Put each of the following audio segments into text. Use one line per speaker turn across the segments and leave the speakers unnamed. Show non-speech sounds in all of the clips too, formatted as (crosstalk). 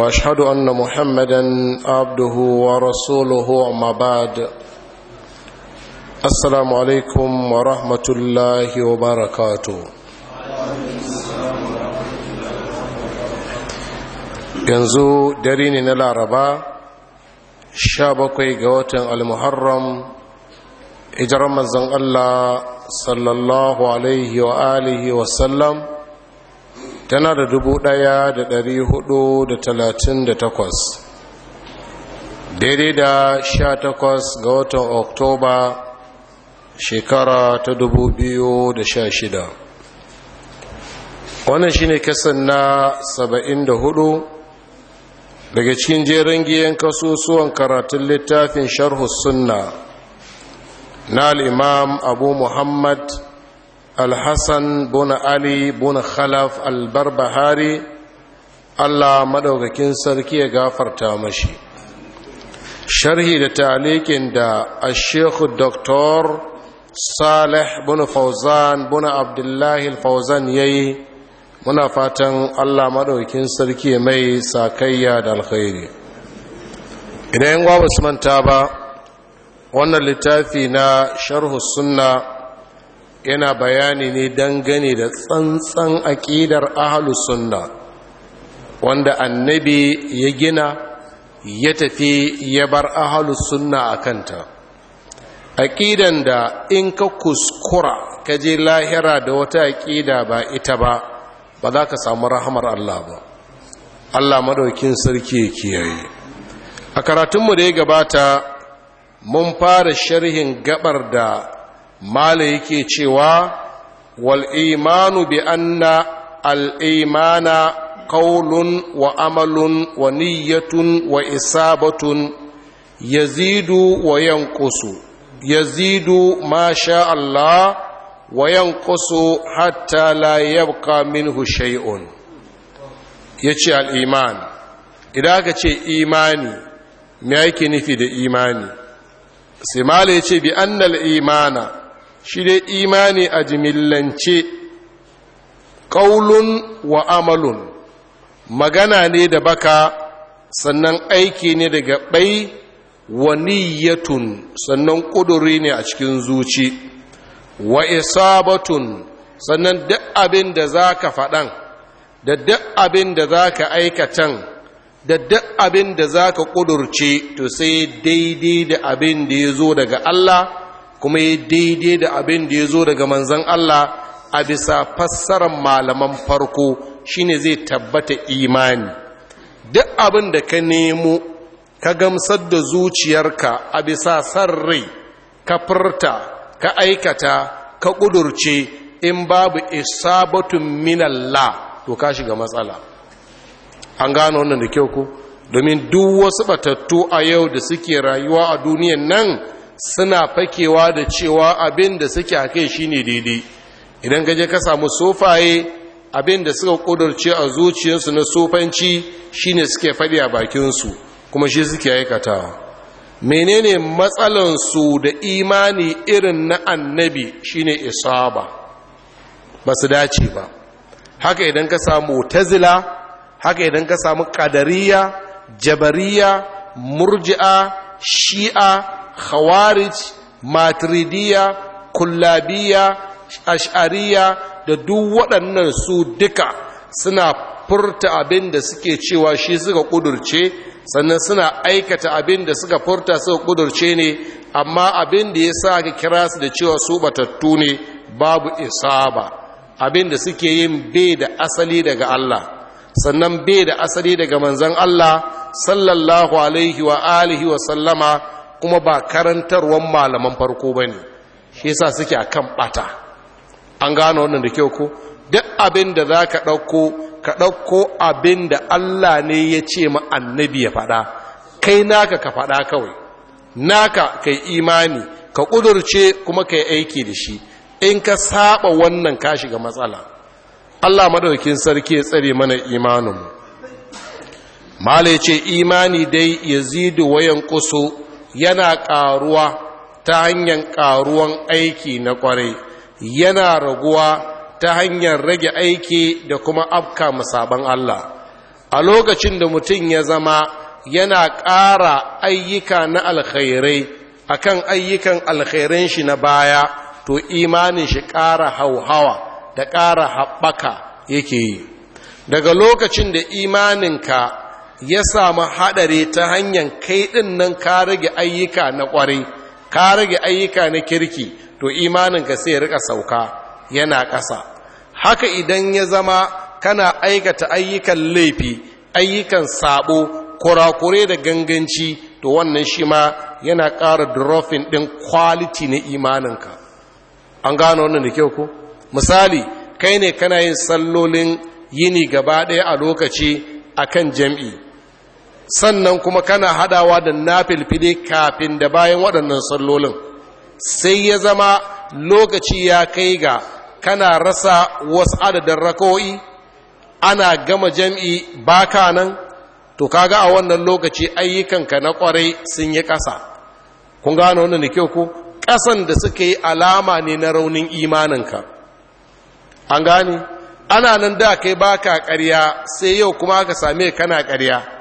واشهد ان محمدا عبده ورسوله اما بعد السلام عليكم ورحمه الله وبركاته yanzu dare ne na laraba 17 ga watan almuharram hijirar manzon allah sallallahu alaihi wa alihi wasallam tana da dubu ɗaya da dari hudu da talatin da takwas daidai da sha takwas ga watan oktoba shekara ta dubu biyu da sha shida wannan shine kasan na saba'in da hudu daga cikin jerin giyan kasusuwan karatun littafin sharhu sunna na al'imam abu muhammad alhassan buna ali buna khalaf albarbahari allah maɗaukakin sarki ya gafarta mashi sharhi da talikin da ashekhu doktor salih buna abdullahi fauzan ya yi muna fatan allah maɗaukakin sarki mai sakayya da alkhairi idan yan manta ba wannan littafi na sharhu sunna yana bayani ne dangane da tsantsan aƙidar ahalus sunna wanda annabi ya gina ya tafi ya bar ahalus sunna a kanta aƙidan da in ka kuskura ka je lahira da wata aƙida ba ita ba ba za ka samu rahamar Allah ba Allah madaukin sarki ya kiyaye a karatunmu da ya gabata mun fara sharhin gabar da mala yake cewa wal imanu bi anna al imana qawlun wa amalun wa niyyatun wa isabatun yazidu wa yanqusu yazidu ma sha Allah wa yanqusu hatta la yabqa minhu shay'un yace al iman idan aka ce imani me yake nufi da imani sai mala yace bi annal imana shi dai imani a jimillance ƙaulun wa amalun magana ne da baka sannan aiki ne daga ɓai wa niyyatun sannan ƙuduri ne a cikin zuci wa isabatun sannan duk abin da za ka faɗan da duk abin da za ka aikatan da duk abin da za ka ƙudurce to sai daidai da abin da ya zo daga Allah kuma ya daidai da abin da ya zo daga manzan Allah a bisa fassarar malaman farko shine zai tabbata imani duk abin da ka nemo ka gamsar da zuciyarka a bisa san ka furta ka aikata ka ƙudurce in babu isabatun minalla to ka shiga matsala an gano wannan da kyau ku domin duk wasu batattu a yau da suke rayuwa a duniyan nan suna fakewa da cewa abin da suke a kai shine daidai idan gaje ka samu sofaye abin da suka kudurce a zuciyarsu na sofanci shine suke faɗi a bakinsu kuma shi suke aikata. menene matsalansu da imani irin na annabi shine isaba ba su dace ba haka idan ka samu tazila haka idan ka samu kadariya jabariya murji'a shi'a khawarij matridiya kullabiya ash'ariya da duk waɗannan su duka suna furta abin da suke cewa shi suka kudurce sannan suna aikata abin da suka furta suka kudurce ne amma abin da ya sa ka kira su da cewa su batattu ne babu isaba abin da suke yin bai da asali daga Allah sannan bai da asali daga manzon Allah sallallahu alaihi wa alihi wa sallama kuma ba karantarwar malaman farko ba ne shi sa suke a kan ɓata an gano wannan da kyau ko duk abin da za ka ɗauko ka ɗauko abin da allah ne ya ce ma annabi ya faɗa kai naka ka faɗa kawai naka kai imani ka ƙudurce kuma kai aiki da shi in ka saba wannan ka shiga matsala allah maɗaukin sarki ya tsare mana imaninmu mala ce imani dai ya zidu wayan kuso yana ƙaruwa ta hanyar ƙaruwan aiki na ƙwarai yana raguwa ta hanyar rage aiki da kuma afka musaban Allah a lokacin da mutum ya zama yana ƙara ayyuka na alkhairai akan ayyukan alkhairan shi na baya to imanin shi ƙara hauhawa da ƙara haɓaka yake yi daga lokacin da imaninka ya samu haɗari ta hanyar kai ɗin nan ka rage ayyuka na ƙwarai ka rage ayyuka na kirki to imaninka sai rika sauka yana ƙasa haka idan ya zama kana aikata ayyukan laifi ayyukan sabo kurakure da ganganci to wannan shi ma yana ƙara dropping ɗin kwaliti na imaninka an gano wannan da kyau ko misali kai ne kana yin sallolin yini gaba ɗaya a lokaci a kan jam'i sannan kuma kana hadawa da nafilfide kafin da bayan waɗannan sallolin sai ya zama lokaci ya kai ga kana rasa wasu adadin rako'i ana gama jam'i baka nan to kaga a wannan lokaci ayyukanka na kwarai sun yi ƙasa kun gano wannan da kyau ku ƙasan da suka yi alama ne na raunin imaninka an gane ana nan da kai baka ƙarya sai yau kuma ka same kana ƙarya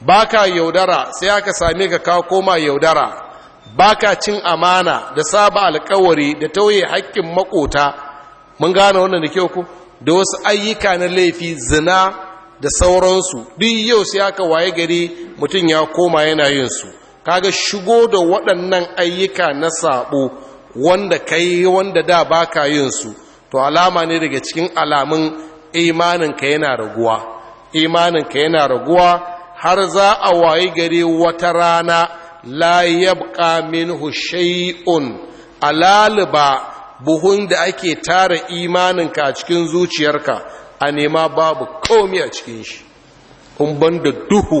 ba ka yaudara sai aka same ka ka koma yaudara ba ka cin amana da saba alkawari da tauye haƙƙin makota mun gane wannan da kyau ku da wasu ayyuka na laifi zina da sauransu duk yau sai aka waye gari mutum ya koma yana yin su kaga shigo da waɗannan ayyuka na sabo wanda kai wanda da baka yin su to alama ne daga cikin alamun imaninka yana raguwa imaninka yana raguwa har za a wayi gari wata rana la yabqa minhu shay'un alaliba buhun da ake tara imaninka a cikin zuciyarka a nema babu komi a cikin shi Umban da duhu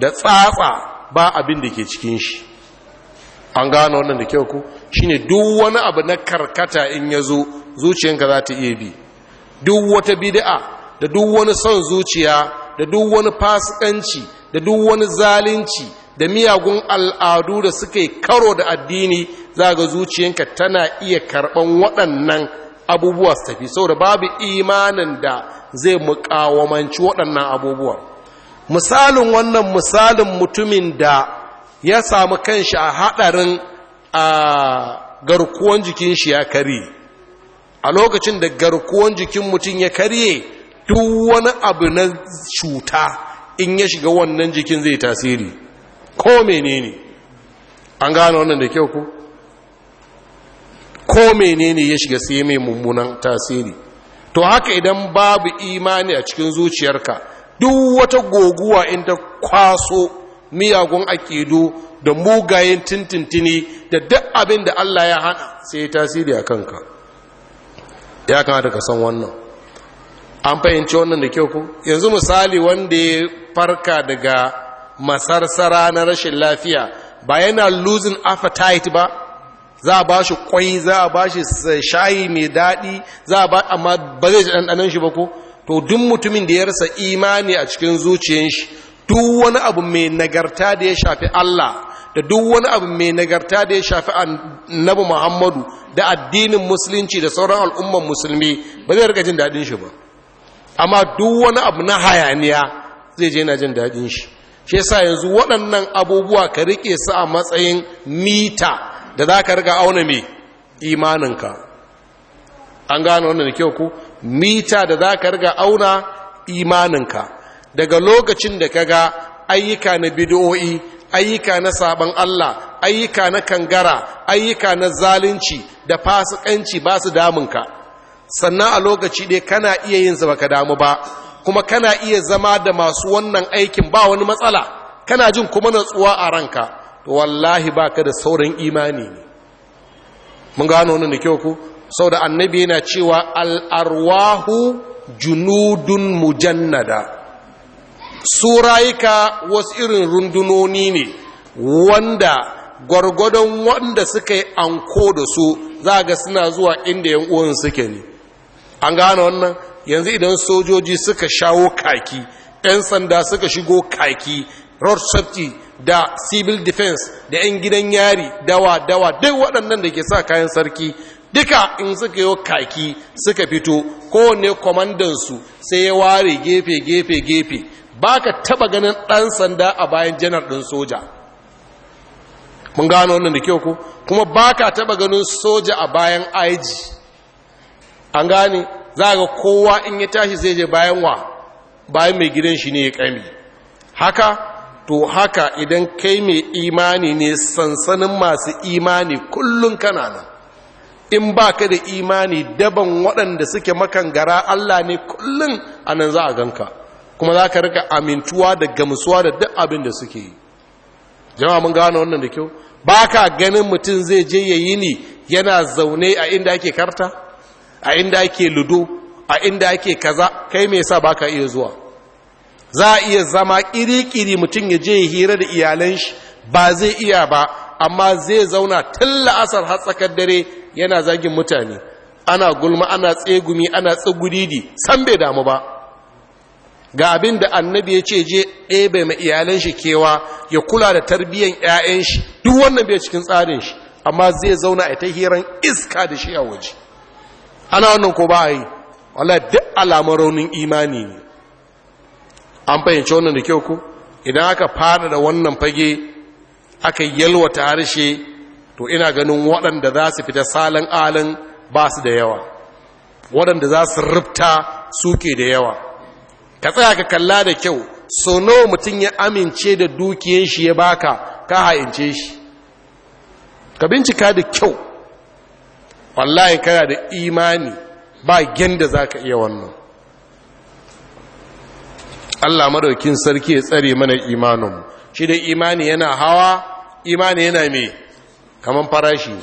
da tsatsa ba abin da ke cikin shi an gano wannan da kyau ku shine duk wani abu na karkata in yazo zuciyarka za ta iya bi duk wata bid'a da duk wani son zuciya da duk wani fasikanci da duk wani zalunci da miyagun al'adu da suke karo da addini za ga zuciyanka tana iya karɓan waɗannan abubuwa su tafi saboda babu imanin da zai muƙawamanci waɗannan abubuwa misalin wannan misalin mutumin da ya samu kan shi a haɗarin a garkuwan jikin shi ya kari a lokacin da garkuwan jikin mutum ya karye duk wani abu na cuta in ya shiga wannan jikin zai tasiri ko menene an gane wannan da kyau ko ko menene ya shiga sai mai mummunan tasiri to haka idan babu imani a cikin zuciyarka duk wata goguwa inda kwaso miyagun aƙidu, da mugayen tintintini da duk abin da Allah ya hana sai tasiri a kanka ya kamata ka san wannan an fahimci wannan da kyau ko yanzu misali wanda ya farka daga masarsara na rashin lafiya ba yana losing appetite ba za a ba shi kwai za a ba shi shayi mai daɗi za a ba amma ba zai ɗanɗanan shi ba ko to duk mutumin da ya rasa imani a cikin zuciyar shi duk wani abu mai nagarta da ya shafi Allah da duk wani abu mai nagarta da ya shafi annabi Muhammadu da addinin musulunci da sauran al'ummar musulmi ba zai rika jin daɗin shi ba amma duk wani abu na hayaniya zai je na jin daɗin shi shi yasa yanzu waɗannan abubuwa ka rike su a matsayin mita da za ka riga auna mai imaninka an gano wannan da kyau ku mita da za ka riga auna imaninka daga lokacin da ka ga ayyuka na bidoyi ayyuka na saban Allah ayyuka na kangara ayyuka na zalunci da fasikanci ba su damunka sannan a lokaci dai kana iya yin zama ka damu ba kuma kana iya zama da masu wannan aikin ba wani matsala kana jin kuma natsuwa a ranka to wallahi baka da sauran imani ne mun gano wannan da kyau ku da annabi yana cewa al'arwahu junudun mujannada su rayuka wasu irin rundunoni ne wanda gwargwadon wanda suka yi anko da su za a ga suna zuwa inda yan uwan suke ne an gane wannan yanzu idan sojoji suka shawo kaki 'yan sanda suka shigo kaki road safety da civil defense da 'yan gidan yari dawa dawa duk waɗannan da ke sa kayan sarki duka in suka yi kaki suka fito kowane kwamandansu sai ya ware gefe gefe gefe ba ka taba ganin ɗan sanda a bayan janar ɗin soja mun gano wannan da kyau ko kuma ba ka taba ganin soja a bayan aiji an gane za ga kowa in ya tashi zai je bayan wa bayan mai gidan shi ne ya kami haka to haka idan kai mai imani ne sansanin masu imani kullum kanana in ba ka da imani daban waɗanda suke gara Allah ne kullum a nan za a ganka kuma za ka rika amintuwa da gamsuwa da duk abin da suke yi jama'a mun gano wannan da kyau ba ka ganin mutum zai je ya yi ni yana zaune a inda ake karta a inda ake ludo a inda ake kaza kai me yasa baka iya zuwa za a iya zama kiri-kiri mutum ya je hira da iyalan shi ba zai iya ba amma zai zauna tun la'asar har tsakar dare yana zagin mutane ana gulma ana tsegumi ana tsugudidi san bai damu ba ga abin da annabi ya ce je ɗebe mai iyalan shi kewa ya kula da tarbiyyan 'ya'yan shi duk wannan bai cikin tsarin shi amma zai zauna a ta hiran iska da shi a waje ana wannan ko ba a yi wala duk alamun raunin imani ne an fahimci wannan da kyau ku idan aka fada da wannan fage aka yalwata harshe to ina ganin waɗanda za su fita salin alin ba su da yawa waɗanda za su rubta suke da yawa ka tsaya ka kalla da kyau so nawa mutum ya amince da dukiyar shi ya baka ka ha'ince shi ka bincika da kyau wallahi kana da imani ba gyanda za ka iya wannan allah madaukin sarki ya tsare mana imanin shi da imani yana hawa imani yana me kaman farashi ne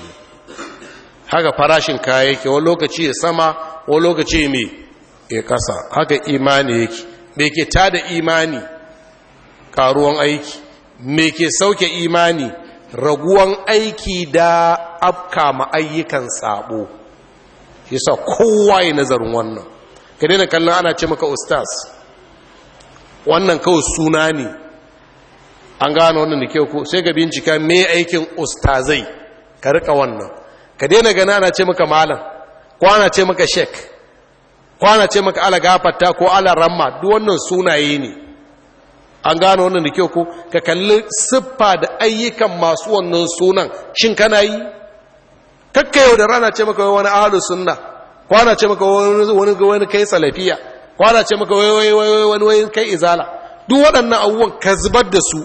haka farashin kaya yake wani lokaci ya sama wani lokaci me ya kasa haka imani yake me ke tada imani karuwan aiki me ke sauke imani raguwan aiki da afka ma'ayyukan ayyukan sabo yasa kowa ya nazarin wannan ka daina kallon ana ce maka ustaz wannan kawai suna ne an gano wannan da kyau sai ga bincika mai aikin ustazai ka rika wannan ka daina gana ana ce maka malam kwana ce maka shek kwana ce maka ala gafata ko ala ramma duk wannan sunaye ne an gano wannan da kyau ko ka kalli siffa da ayyukan masu wannan sunan shin kana yi kakka yau da rana ce maka wani ahlu sunna kwana ce maka wani wani kai salafiya kwana ce maka wani wani wani kai izala duk waɗannan abubuwan ka zubar da su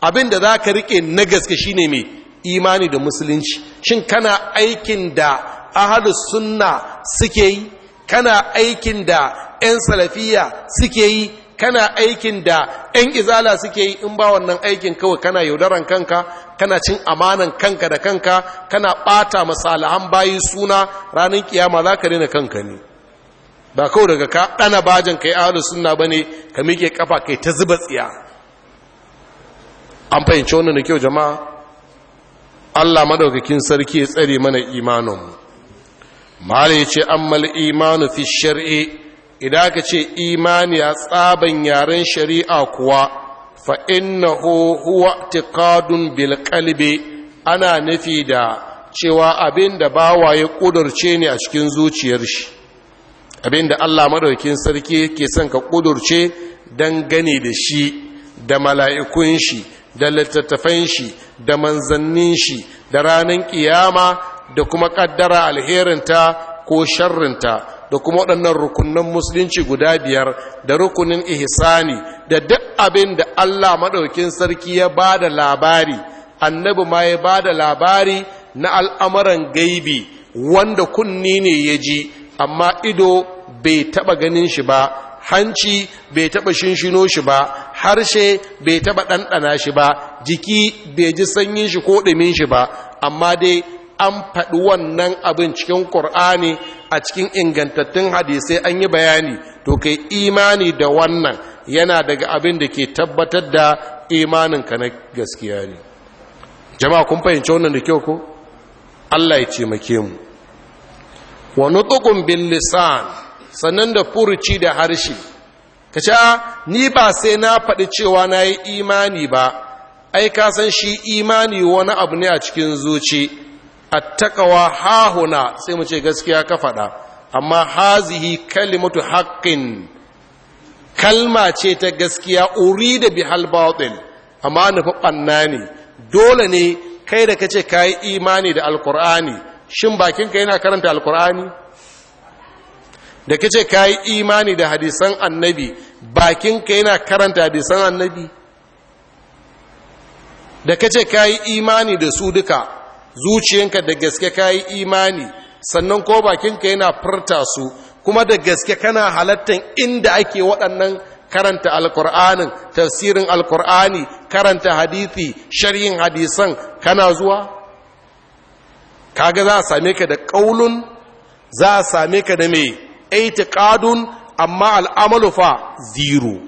abin da za ka riƙe na gaske shine mai imani da musulunci shin kana aikin da ahlu sunna suke yi kana aikin da 'yan salafiya suke yi kana aikin da 'yan izala suke yi in ba wannan aikin kawai kana yaudaran kanka kana cin amanan kanka da kanka kana ɓata masalahan bayi suna ranar kiyama za ka rena kanka ne ba kawai daga ka ɗana bajin kai ahalus sunna ba ne ka miƙe kafa kai ta zuba tsiya an fahimci wannan da kyau jama'a allah madaukakin sarki ya tsare mana imanin. mala ya ce mal imanu fi shar'i idan ka ce imani a tsaban yaren shari'a kuwa fa innahu huwa tiqadun bil qalbi ana nufi da cewa abin da bawa ya kudurce ne a cikin zuciyar shi abin da Allah madaukakin sarki ke son ka kudurce dan gane da shi da mala'ikun shi da littattafan shi da manzannin shi da ranan kiyama da kuma kaddara alherinta ko sharrinta da kuma waɗannan rukunan musulunci guda biyar da rukunin ihsani da duk abin da Allah maɗaukin sarki ya ba da labari annabi ma ya ba da labari na al'amuran gaibi wanda kunni ne ya ji amma ido bai taɓa ganin shi ba hanci bai taɓa shinshino shi ba harshe bai taɓa ɗanɗana shi ba jiki bai ji sanyin shi ko ɗumin shi ba amma dai an faɗi wannan abin cikin ƙur'ani a cikin ingantattun hadisai an yi bayani to kai imani da wannan yana daga abin da ke tabbatar da imanin ka na gaskiya ne jama'a kun fahimci wannan da kyau ko Allah ya ce make mu wa nutqun bil lisan sannan da furuci da harshe kace ni ba sai na faɗi cewa na yi imani ba ai ka san shi imani wani abu ne a cikin zuci attaqwa hahuna sai mu ce gaskiya ka faɗa amma hazihi kalimatu haqqin kalma ce ta gaskiya urida bihal batil amma nufi fa ne dole ne kai da kace kai imani da alqur'ani shin bakinka yana karanta alqur'ani da kace kai imani da hadisan annabi bakinka yana karanta hadisan annabi da kace kai imani da su duka zuciyanka da gaske ka yi imani sannan ko bakinka yana furta su kuma da gaske kana halattan inda ake waɗannan karanta alkur'anin tafsirin alkur'ani karanta hadithi shari'in hadisan kana zuwa kaga za a same ka da ƙaulun za a same ka da mai ƙadun, amma al'amalufa fa zero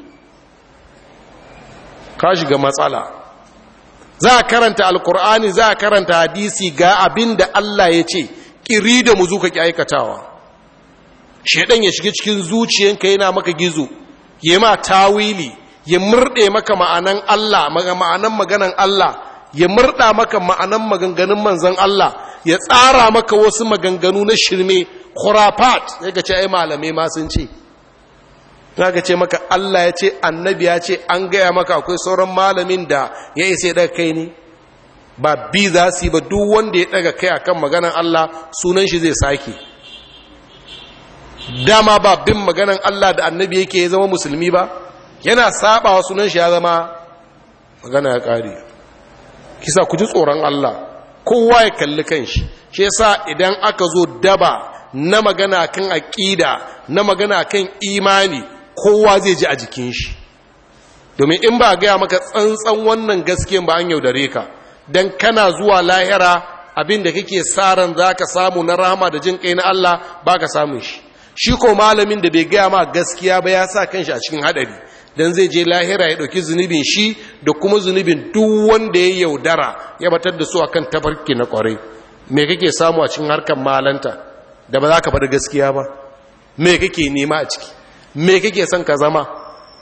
ka shiga matsala za a karanta alkur'ani za a karanta hadisi ga abin da Allah ya ce ƙiri da mu zuka ki aikatawa shaidan ya shiga cikin zuciyanka yana maka gizo ya ma tawili ya murɗe maka ma'anan Allah ma'anan maganan Allah ya murɗa maka ma'anan maganganun manzan Allah ya tsara maka wasu maganganu na shirme khurafat sai ka ce ai malamai ma sun ce za ka ce maka Allah ya ce annabi ya ce an gaya maka akwai sauran malamin da ya isa ya daga kai ne ba bi za su yi ba duk wanda ya daga kai akan maganan Allah sunan shi zai sake dama ba bin maganan Allah da annabi yake ya zama musulmi ba yana wa sunan shi ya zama magana ya kare kisa ku ji tsoron Allah kowa ya kalli kan shi yasa idan aka zo daba na magana kan aƙida na magana kan imani kowa zai ji a jikin shi domin in ba gaya maka tsantsan wannan gaskiya ba an yaudare ka don kana zuwa lahira abinda kake tsaron za ka samu na rahama da jin kai na Allah ba ka samun shi shi ko malamin da bai gaya ma gaskiya ba ya sa kan shi a cikin hadari don zai je lahira ya ɗauki zunubin shi da kuma zunubin duk wanda ya yaudara ya batar da su a kan tafarki na kwarai me kake samu a cikin harkar malanta da ba za ka faɗi gaskiya ba me kake nema a ciki me kake son ka zama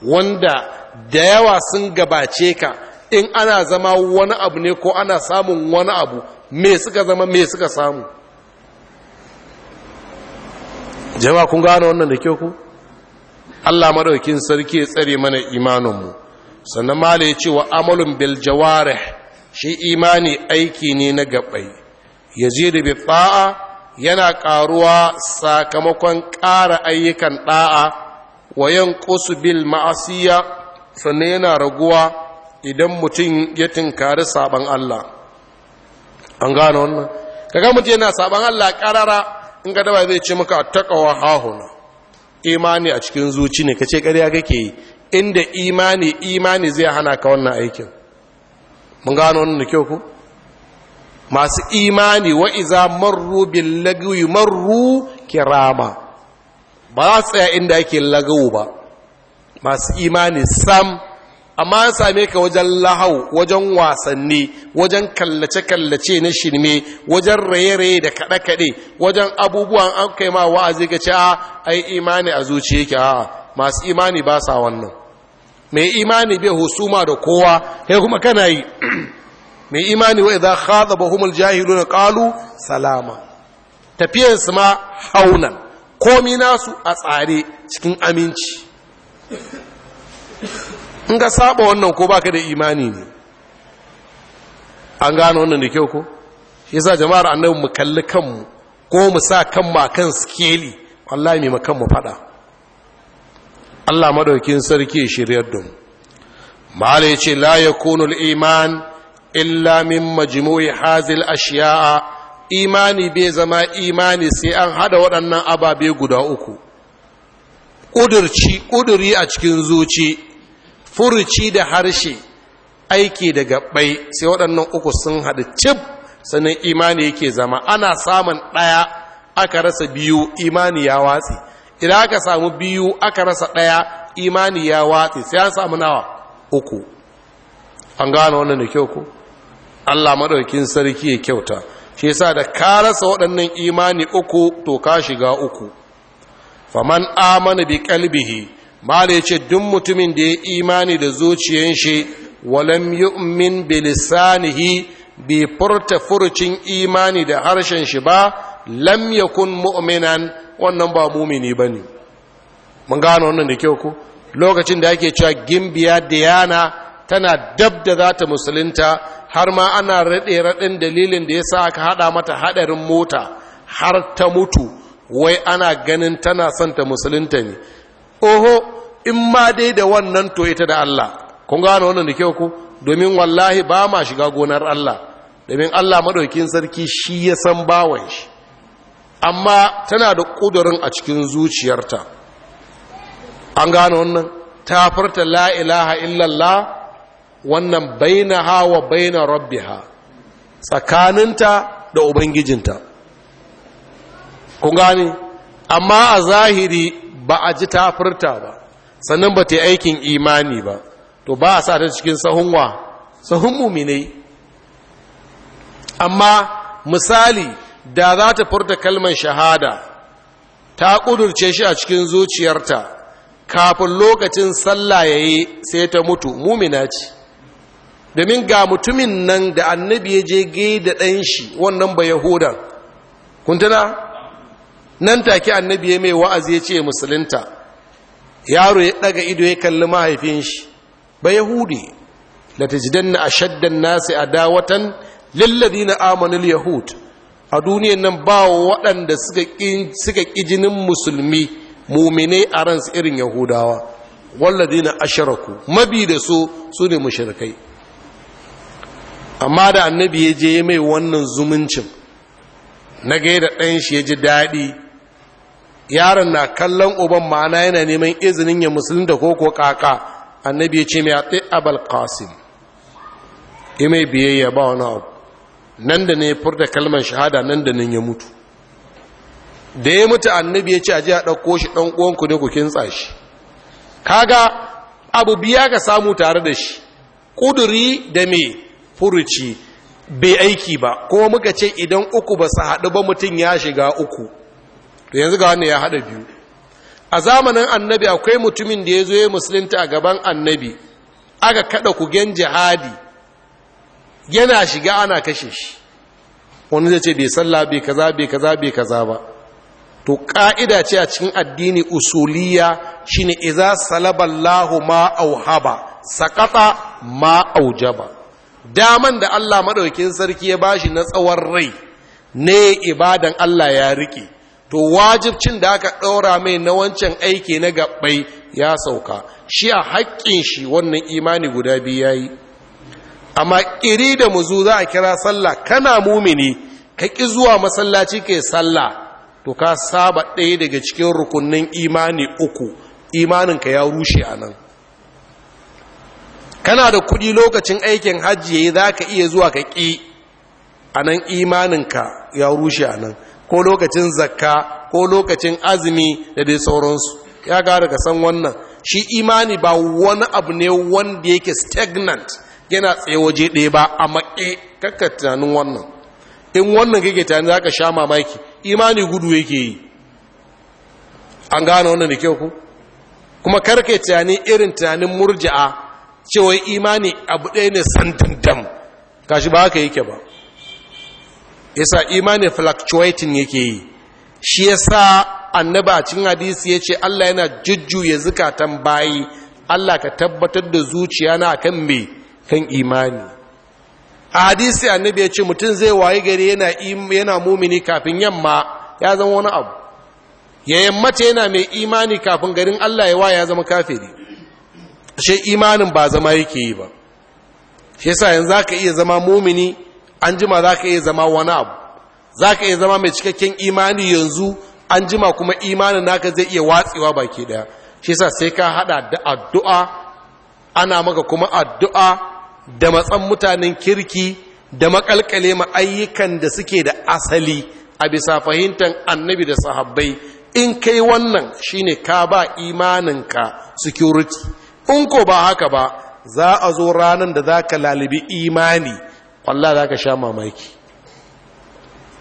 wanda da yawa sun gabace ka in ana zama wani abu ne ko ana samun wani abu me suka zama me suka samu jama'a kun gano wannan da kyau ku Allah madaukin sarki ya tsare mana imaninmu sannan mala ya ce wa amalun bil shi imani aiki ne na gabai je bi ta'a yana karuwa sakamakon ƙara ayyukan da'a wa yanqusu bil ma'asiya sannan yana raguwa idan mutum ya tinkari saban Allah an gano wannan kaga mutum yana saban Allah karara in ka daba zai ce maka takawa hahuna imani a cikin zuci ne kace ƙarya kake yi inda imani imani zai hana ka wannan aikin mun gano wannan da kyau ku? masu imani wa iza marru bil lagwi marru kirama ba za tsaya inda ake lagawo ba masu imani sam amma an same ka wajen lahau wajen wasanni wajen kallace-kallace na shirme wajen raye-raye da kaɗe-kaɗe wajen abubuwan an kai ma wa'azi ka ce a ah, ai imani a zuciya ke a masu imani ba sa wannan mai imani bai husuma da kowa ya kuma kana yi (clears throat) mai imani wa idan jahilu jahiluna qalu salama tafiyarsu ma haunan komi nasu a tsare cikin aminci in ga saba wannan ko baka da imani ne an gano wannan da kyau ko yasa jama'ar annabi mu kalli kanmu ko mu sa kanmu kan skeli wallahi mai makan mu fada Allah madaukin sarki shiryar da mu mala yace la yakunu al-iman illa min majmu'i hazil ashiya'a imani bai zama imani sai an hada waɗannan ababe guda uku ƙudurci ƙuduri a cikin zuci furuci da harshe aiki da gaɓai sai waɗannan uku sun hada cib sannan imani yake zama ana samun ɗaya aka rasa biyu imani ya watsi idan aka samu biyu aka rasa ɗaya imani ya watsi sai an samu nawa uku an gano wannan da kyau ku allah maɗaukin sarki ya kyauta shi sa da ka rasa waɗannan imani uku to ka shiga uku faman amana bi kalbihi mala yace duk mutumin da ya imani da zuciyar shi walam yu'min bi lisanihi bi furta furcin imani da harshen shi ba lam yakun mu'minan wannan ba mumini bane mun gano wannan da kyau ko lokacin da ake cewa gimbiya diyana tana dab da za ta musulunta har ma ana raɗe raɗen dalilin da ya sa aka haɗa mata haɗarin mota har ta mutu wai ana ganin tana son ta musulunta ne oho in ma dai da wannan to ita da Allah kun gano wannan da kyau ku domin wallahi ba ma shiga gonar Allah domin Allah maɗaukin sarki shi ya san bawan shi amma tana da ƙudurin a cikin zuciyarta an gano wannan ta furta la ilaha illallah wannan baina hawa baina ha, tsakaninta da ubangijinta Ku gane amma a zahiri ba a ji tafirta furta ba sannan ba ta yi aikin imani ba to ba a sa ta cikin sahunwa sahun muminai amma misali da za ta furta kalmar shahada ta ƙudurce shi a cikin zuciyarta kafin lokacin sallah ya yi sai ta mutu mumina ce domin ga mutumin nan da annabi ya je gaida da ɗan shi wannan ba yahudan kuntuna nan take annabi ya mai wa'azi ya ce musulunta yaro ya ɗaga ido ya kalli mahaifin shi ba yahudi la na ashaddan nasi a dawatan lilladhina na amanul yahud a duniyan nan ba waɗanda suka ƙi jinin musulmi mumine a ransu irin yahudawa na asharaku mabi da su su ne mushrikai amma da annabi ya je ya mai wannan zumuncin na da ɗan shi ya ji daɗi yaron na kallon uban ma'ana yana neman izinin ya musulun da koko kaka annabi ya ce mai a abal qasim ya mai biyayya ba wani abu nan da ne ya furta kalmar shahada nan da nan ya mutu da ya mutu annabi ya ce a ji a ɗauko shi ɗan uwanku ne ku kintsa shi kaga abu biya ka samu tare da shi ƙuduri da me furuci bai aiki ba ko muka ce idan uku ba su haɗu ba mutum ya shiga uku to yanzu ga wannan ya haɗa biyu a zamanin annabi akwai mutumin da ya zo ya musulunta a gaban annabi aka kaɗa kugen jihadi yana shiga ana kashe shi wani zai ce bai sallah bai kaza bai kaza bai kaza ba to ƙa'ida ce a cikin addini usuliya shine iza salaballahu ma auhaba sakata ma aujaba daman da Allah maɗaukin sarki ya bashi na tsawon rai ne ibadan Allah ya riƙe to wajibcin da aka ɗora mai na wancan aiki na gaɓɓai ya sauka shi a haƙƙin shi wannan imani guda biyu ya yi amma ƙiri da muzu za a kira sallah kana mumini ka ƙi zuwa masallaci ke sallah to ka saba ɗaya daga cikin rukunin imani uku imaninka ya rushe a nan kana da kuɗi lokacin aikin hajji yayi za ka iya zuwa ka ƙi a nan imaninka ya rushe a nan ko lokacin zakka ko lokacin azumi da dai sauransu ya gara ka san wannan shi imani ba wani abu ne wanda yake stagnant yana tsaye waje ɗaya ba a maƙe kakka tunanin wannan in wannan kake tunanin za ka sha mamaki imani gudu yake yi an gane wannan da kyau ku kuma karka tunanin irin tunanin murji'a cewa imani abu ɗaya ne sandandam kashi ba haka yake ba yasa imani fluctuating yake yi shi yasa annaba a cikin hadisi ya ce Allah yana jujjuya zukatan bayi Allah ka tabbatar da zuciya na kan me kan imani a hadisi annabi ya ce mutum zai waye gari yana yana mumini kafin yamma ya zama wani abu ya yammata yana mai imani kafin garin Allah ya waye ya zama kafiri ashe imanin ba zama yake yi ba shi yasa yanzu zaka iya zama mumini an jima zaka iya zama wani abu zaka iya zama mai cikakken imani yanzu anjima kuma imanin naka zai iya watsewa baki daya shi yasa sai ka hada da addu'a ana maka kuma addu'a da matsan mutanen kirki da makalkale ma ayyukan da suke da asali a bisa fahimtar annabi da sahabbai in kai wannan shine ka ba imaninka security in ko ba haka ba za a zo ranar da za ka lalibi imani wallah za ka sha mamaki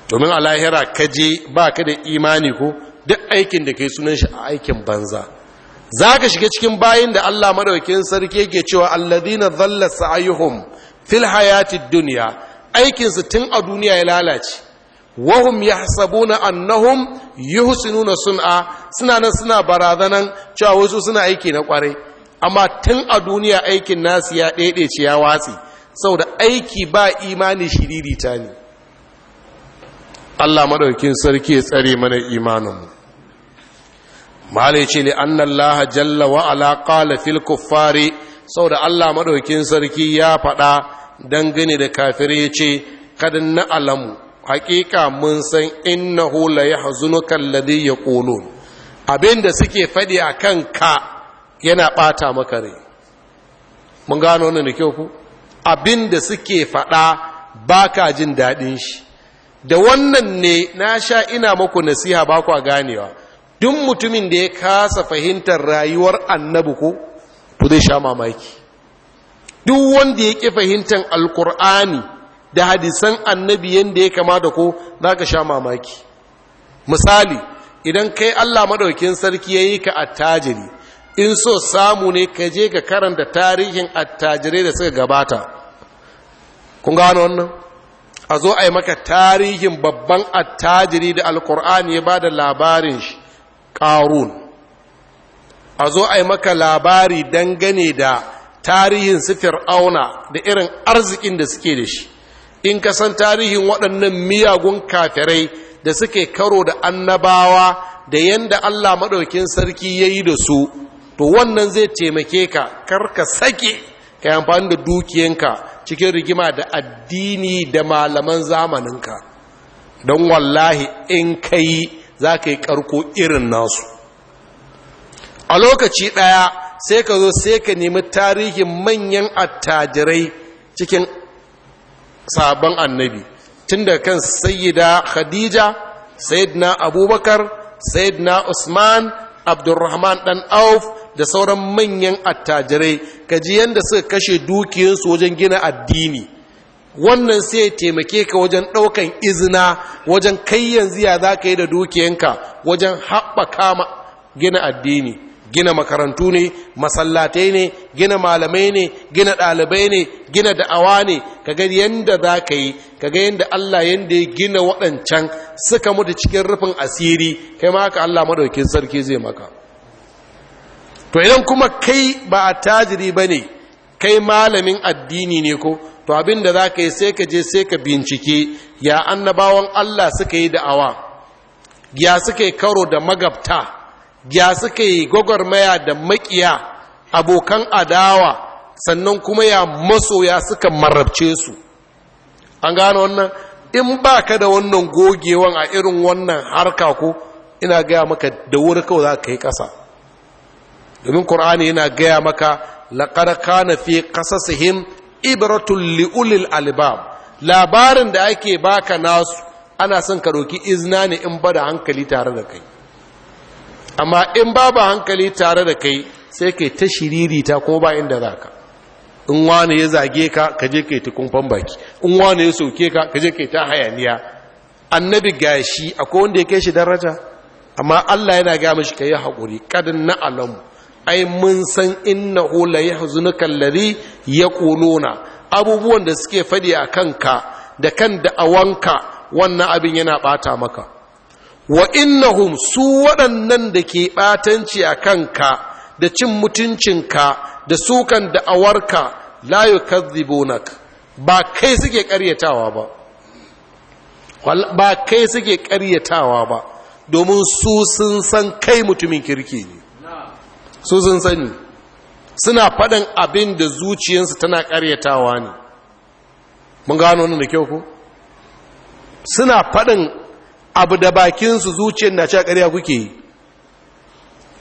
domin a lahira ka je ba ka da imani ko duk aikin da ka yi sunan shi a aikin banza za ka shiga cikin bayan da allah madaukin sarki yake cewa alladina zalla sa'ayuhum fil hayati duniya aikinsu tun a duniya ya lalace wahum yahsabuna annahum yuhsinuna sun'a suna nan suna barazanan cewa wasu suna aiki na kwarai amma tun a duniya aikin nasu ya ce ya watsi sau da aiki ba imani shiririta ne Allah maɗaukin sarki ya tsare mana imaninmu malai ce an annan laha jalla wa'ala ƙala fil kuffari da Allah maɗaukin sarki ya faɗa dangane da kafir ya ce kadin na alamu haƙiƙa mun san hula innahu la yahzunuka ƙolo Abin abinda suke faɗi a kan ka yana ɓata maka rai mun gano wannan da kyau ku abin da suke faɗa ba ka jin daɗin shi da wannan ne na sha ina maku nasiha ba kwa ganewa duk mutumin da ya kasa fahimtar rayuwar annabi ko to zai sha mamaki duk wanda ya ƙi fahimtar alkur'ani da hadisan annabi yadda ya kamata ko za ka sha mamaki misali idan kai allah maɗaukin sarki ya yi ka attajiri in so samu ne ka je ka karanta tarihin attajirai da suka gabata kun gano wannan a zo a yi maka tarihin babban attajiri da alkur'ani ya ba da labarin shi ƙarun a zo a yi maka labari dangane da tarihin su auna da irin arzikin da suke da shi in ka san tarihin waɗannan miyagun kafirai da suke karo da annabawa da yadda allah maɗaukin sarki ya yi da su to wannan zai taimake ka karka sake ka amfani da dukiyanka cikin rigima da addini da malaman zamaninka don wallahi in ka yi za ka yi karko irin nasu a lokaci ɗaya sai ka zo sai ka nemi tarihin manyan attajirai cikin sabon annabi tun da kan sayyida khadija sayyidina abubakar sayyidina usman abdurrahman dan auf da sauran manyan attajirai Ka ji yadda suka kashe dukiyarsu wajen gina addini wannan sai ya taimake ka wajen ɗaukan izina wajen kai yanzu ya za ka yi da dukiyanka wajen haɓaka gina addini gina makarantu ne masallatai ne gina malamai ne gina ɗalibai ne gina da'awa ne Ka kaga yadda za ka yi ka kaga yadda Allah yadda ya gina waɗancan suka mutu cikin rufin asiri kai ma haka Allah maɗaukin sarki zai maka to idan kuma kai ba a tajiri ba ne kai malamin addini ne ko to abin da za ka yi sai ka je sai ka bincike ya annabawan Allah suka yi da'awa ya suka yi karo da magabta ya suka yi gwagwarmaya da makiya abokan adawa sannan kuma ya masoya suka marabce su an gano wannan in ba ka da wannan gogewan a irin wannan harka ko ina gaya maka da wuri kawai za ka yi ƙasa domin ƙur'ani yana gaya maka laƙar kana fi qasasihim ibratul liulil albab labarin da ake baka nasu ana son ka roki izna ne in bada hankali tare da kai amma in ba ba hankali tare da kai sai kai ta ta ko ba inda ka in wani ya zage ka ka je kai ta kumfan baki in wani ya soke ka ka je kai ta hayaniya annabi gashi akwai wanda ya kai shi daraja amma Allah yana ga mishi kai haƙuri kadin na alamu ai mun san inna la yahzunuka alladhi yaquluna abubuwan da suke fadi a kanka da kan da awanka wannan abin yana bata maka wa innahum su waɗannan da ke ɓatanci a kanka da cin mutuncinka da sukan da awarka la yukadzibunak ba kai suke ƙaryatawa ba ba kai suke ƙaryatawa ba domin su sun san kai mutumin kirki ne su sun sani suna faɗin abin da zuciyarsu tana ƙaryatawa ne mun gano nan da kyau ko suna faɗin abu da bakinsu zuciyar na cewa ƙarya kuke yi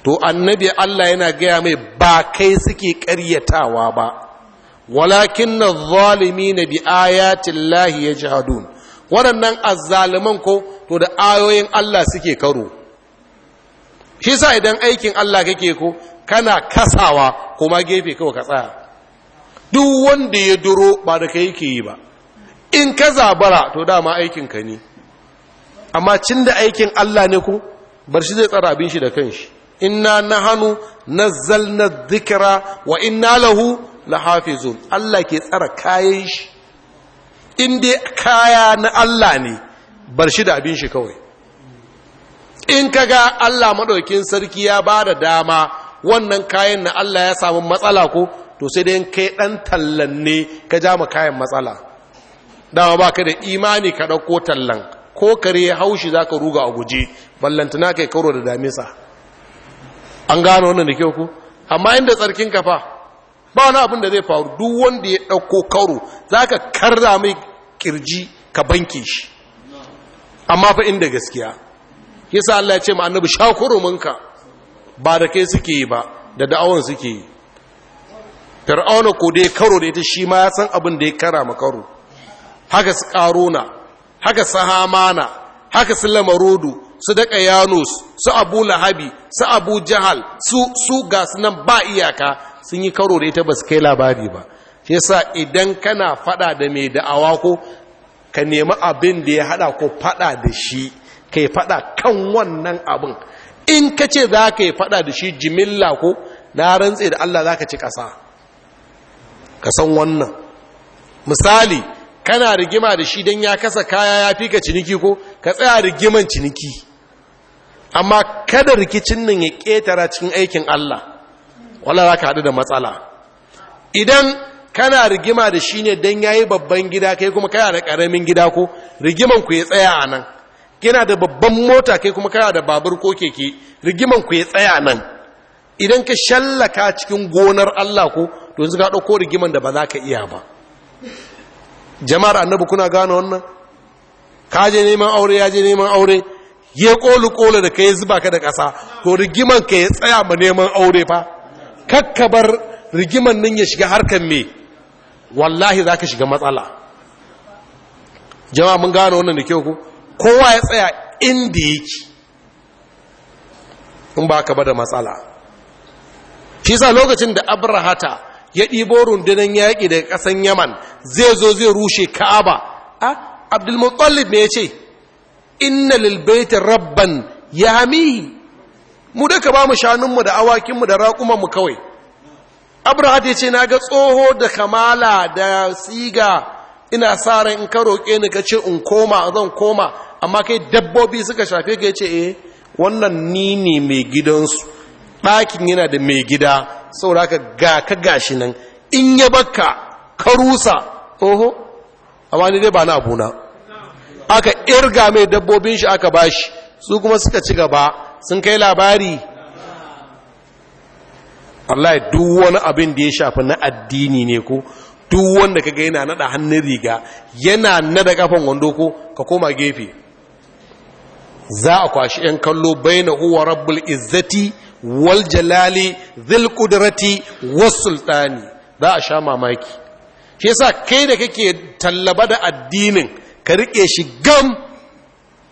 to annabi Allah yana gaya mai ba kai suke ƙaryatawa ba walakin na zalimi na bi ayatin lahi ya jihadun waɗannan azzaliman ko to da ayoyin Allah suke karo shi sa idan aikin Allah kake ko kana kasawa kuma gefe kawai ka tsaya duk wanda ya duro ba da kai yake yi ba in ka zabara to dama aikin ka ne amma cin da aikin Allah ne ko bar shi zai tsara abin shi da kanshi inna nahanu nazzalna dhikra wa inna lahu lahafizun Allah ke tsara kayan shi in dai kaya na Allah ne bar shi da abin shi kawai in ka ga Allah maɗaukin sarki ya ba da dama wannan kayan na Allah ya samu matsala ko to sai dai kai ɗan tallan ne ka ja ma kayan matsala dama ba ka da imani ka ɗauko tallan ko kare haushi za ka ruga a guje ballantana kai karo da damisa an gano wannan da kyau ku amma inda tsarkin ka fa ba wani abin da zai faru duk wanda ya ɗauko karo za ka karra mai kirji ka banke shi amma fa inda gaskiya yasa Allah ya ce ma annabi shakuruminka ba da kai suke yi ba da da'awan suke yi fir'auna ko dai karo da ita shi ma ya san abin da ya kara ma karo haka su karuna haka su hamana haka su lamarudu su daƙa yanus su abu lahabi su abu jahal su su ga nan ba iyaka sun yi karo da ita ba su kai labari ba shi yasa idan kana fada da mai da'awa ko ka nemi abin da ya hada ko fada da shi ka yi fada kan wannan abin in ka ce za ka yi fada da shi jimilla ko na rantse da Allah za ka ci ƙasa ka san wannan misali kana rigima da shi don ya kasa kaya ya fi ka ciniki ko ka tsaya rigiman ciniki amma kada rikicin nan ya ƙetara cikin aikin Allah wala za ka haɗu da matsala idan kana rigima da shi ne don ya yi babban gida kai kuma kana da ƙaramin gida ko rigiman ku ya tsaya a nan yana da babban mota kai kuma kana da babur ko keke rigiman ku ya tsaya nan idan ka shallaka cikin gonar Allah ko to yanzu ka dauko rigiman da ba za ka iya ba jama'ar annabi kuna gane wannan ka je neman aure ya je neman aure ya kolu kola da kai zuba ka da kasa to rigiman ka ya tsaya ba neman aure fa kakkabar rigiman nan ya shiga harkan me wallahi za ka shiga matsala jama'a mun gane wannan da kyau ko kowa ya tsaya inda yake in ba ka ba da matsala shi sa lokacin da abrahata ya ɗibo rundunar yaƙi daga ƙasan yaman zai zo zai rushe ka'aba a ah, abdulmutallib mai ce inna lilbaitin rabban ya hamihi mu daga ba mu shanunmu da awakinmu da raƙumanmu kawai abrahata ya ce na ga tsoho da kamala da siga ina sa ran in ka roƙe ni ka ce in koma zan koma amma kai dabbobi suka shafe ka ce eh wannan ni ne mai gidansu ɗakin yana da mai gida saboda ka ga ka gashi nan in ya baka ka rusa oho amma ni dai ba na abuna aka irga mai dabbobin shi aka bashi su kuma suka ci gaba sun kai labari Allah duk wani abin da ya shafi na addini ne ko duk wanda kaga yana nada hannun riga yana nada kafan wando ko ka koma gefe za a kwashi yan kallo baina huwa rabbul izzati wal jalali dhil qudrati was sultani za a sha mamaki shi yasa kai da kake tallaba da addinin ka rike shi gam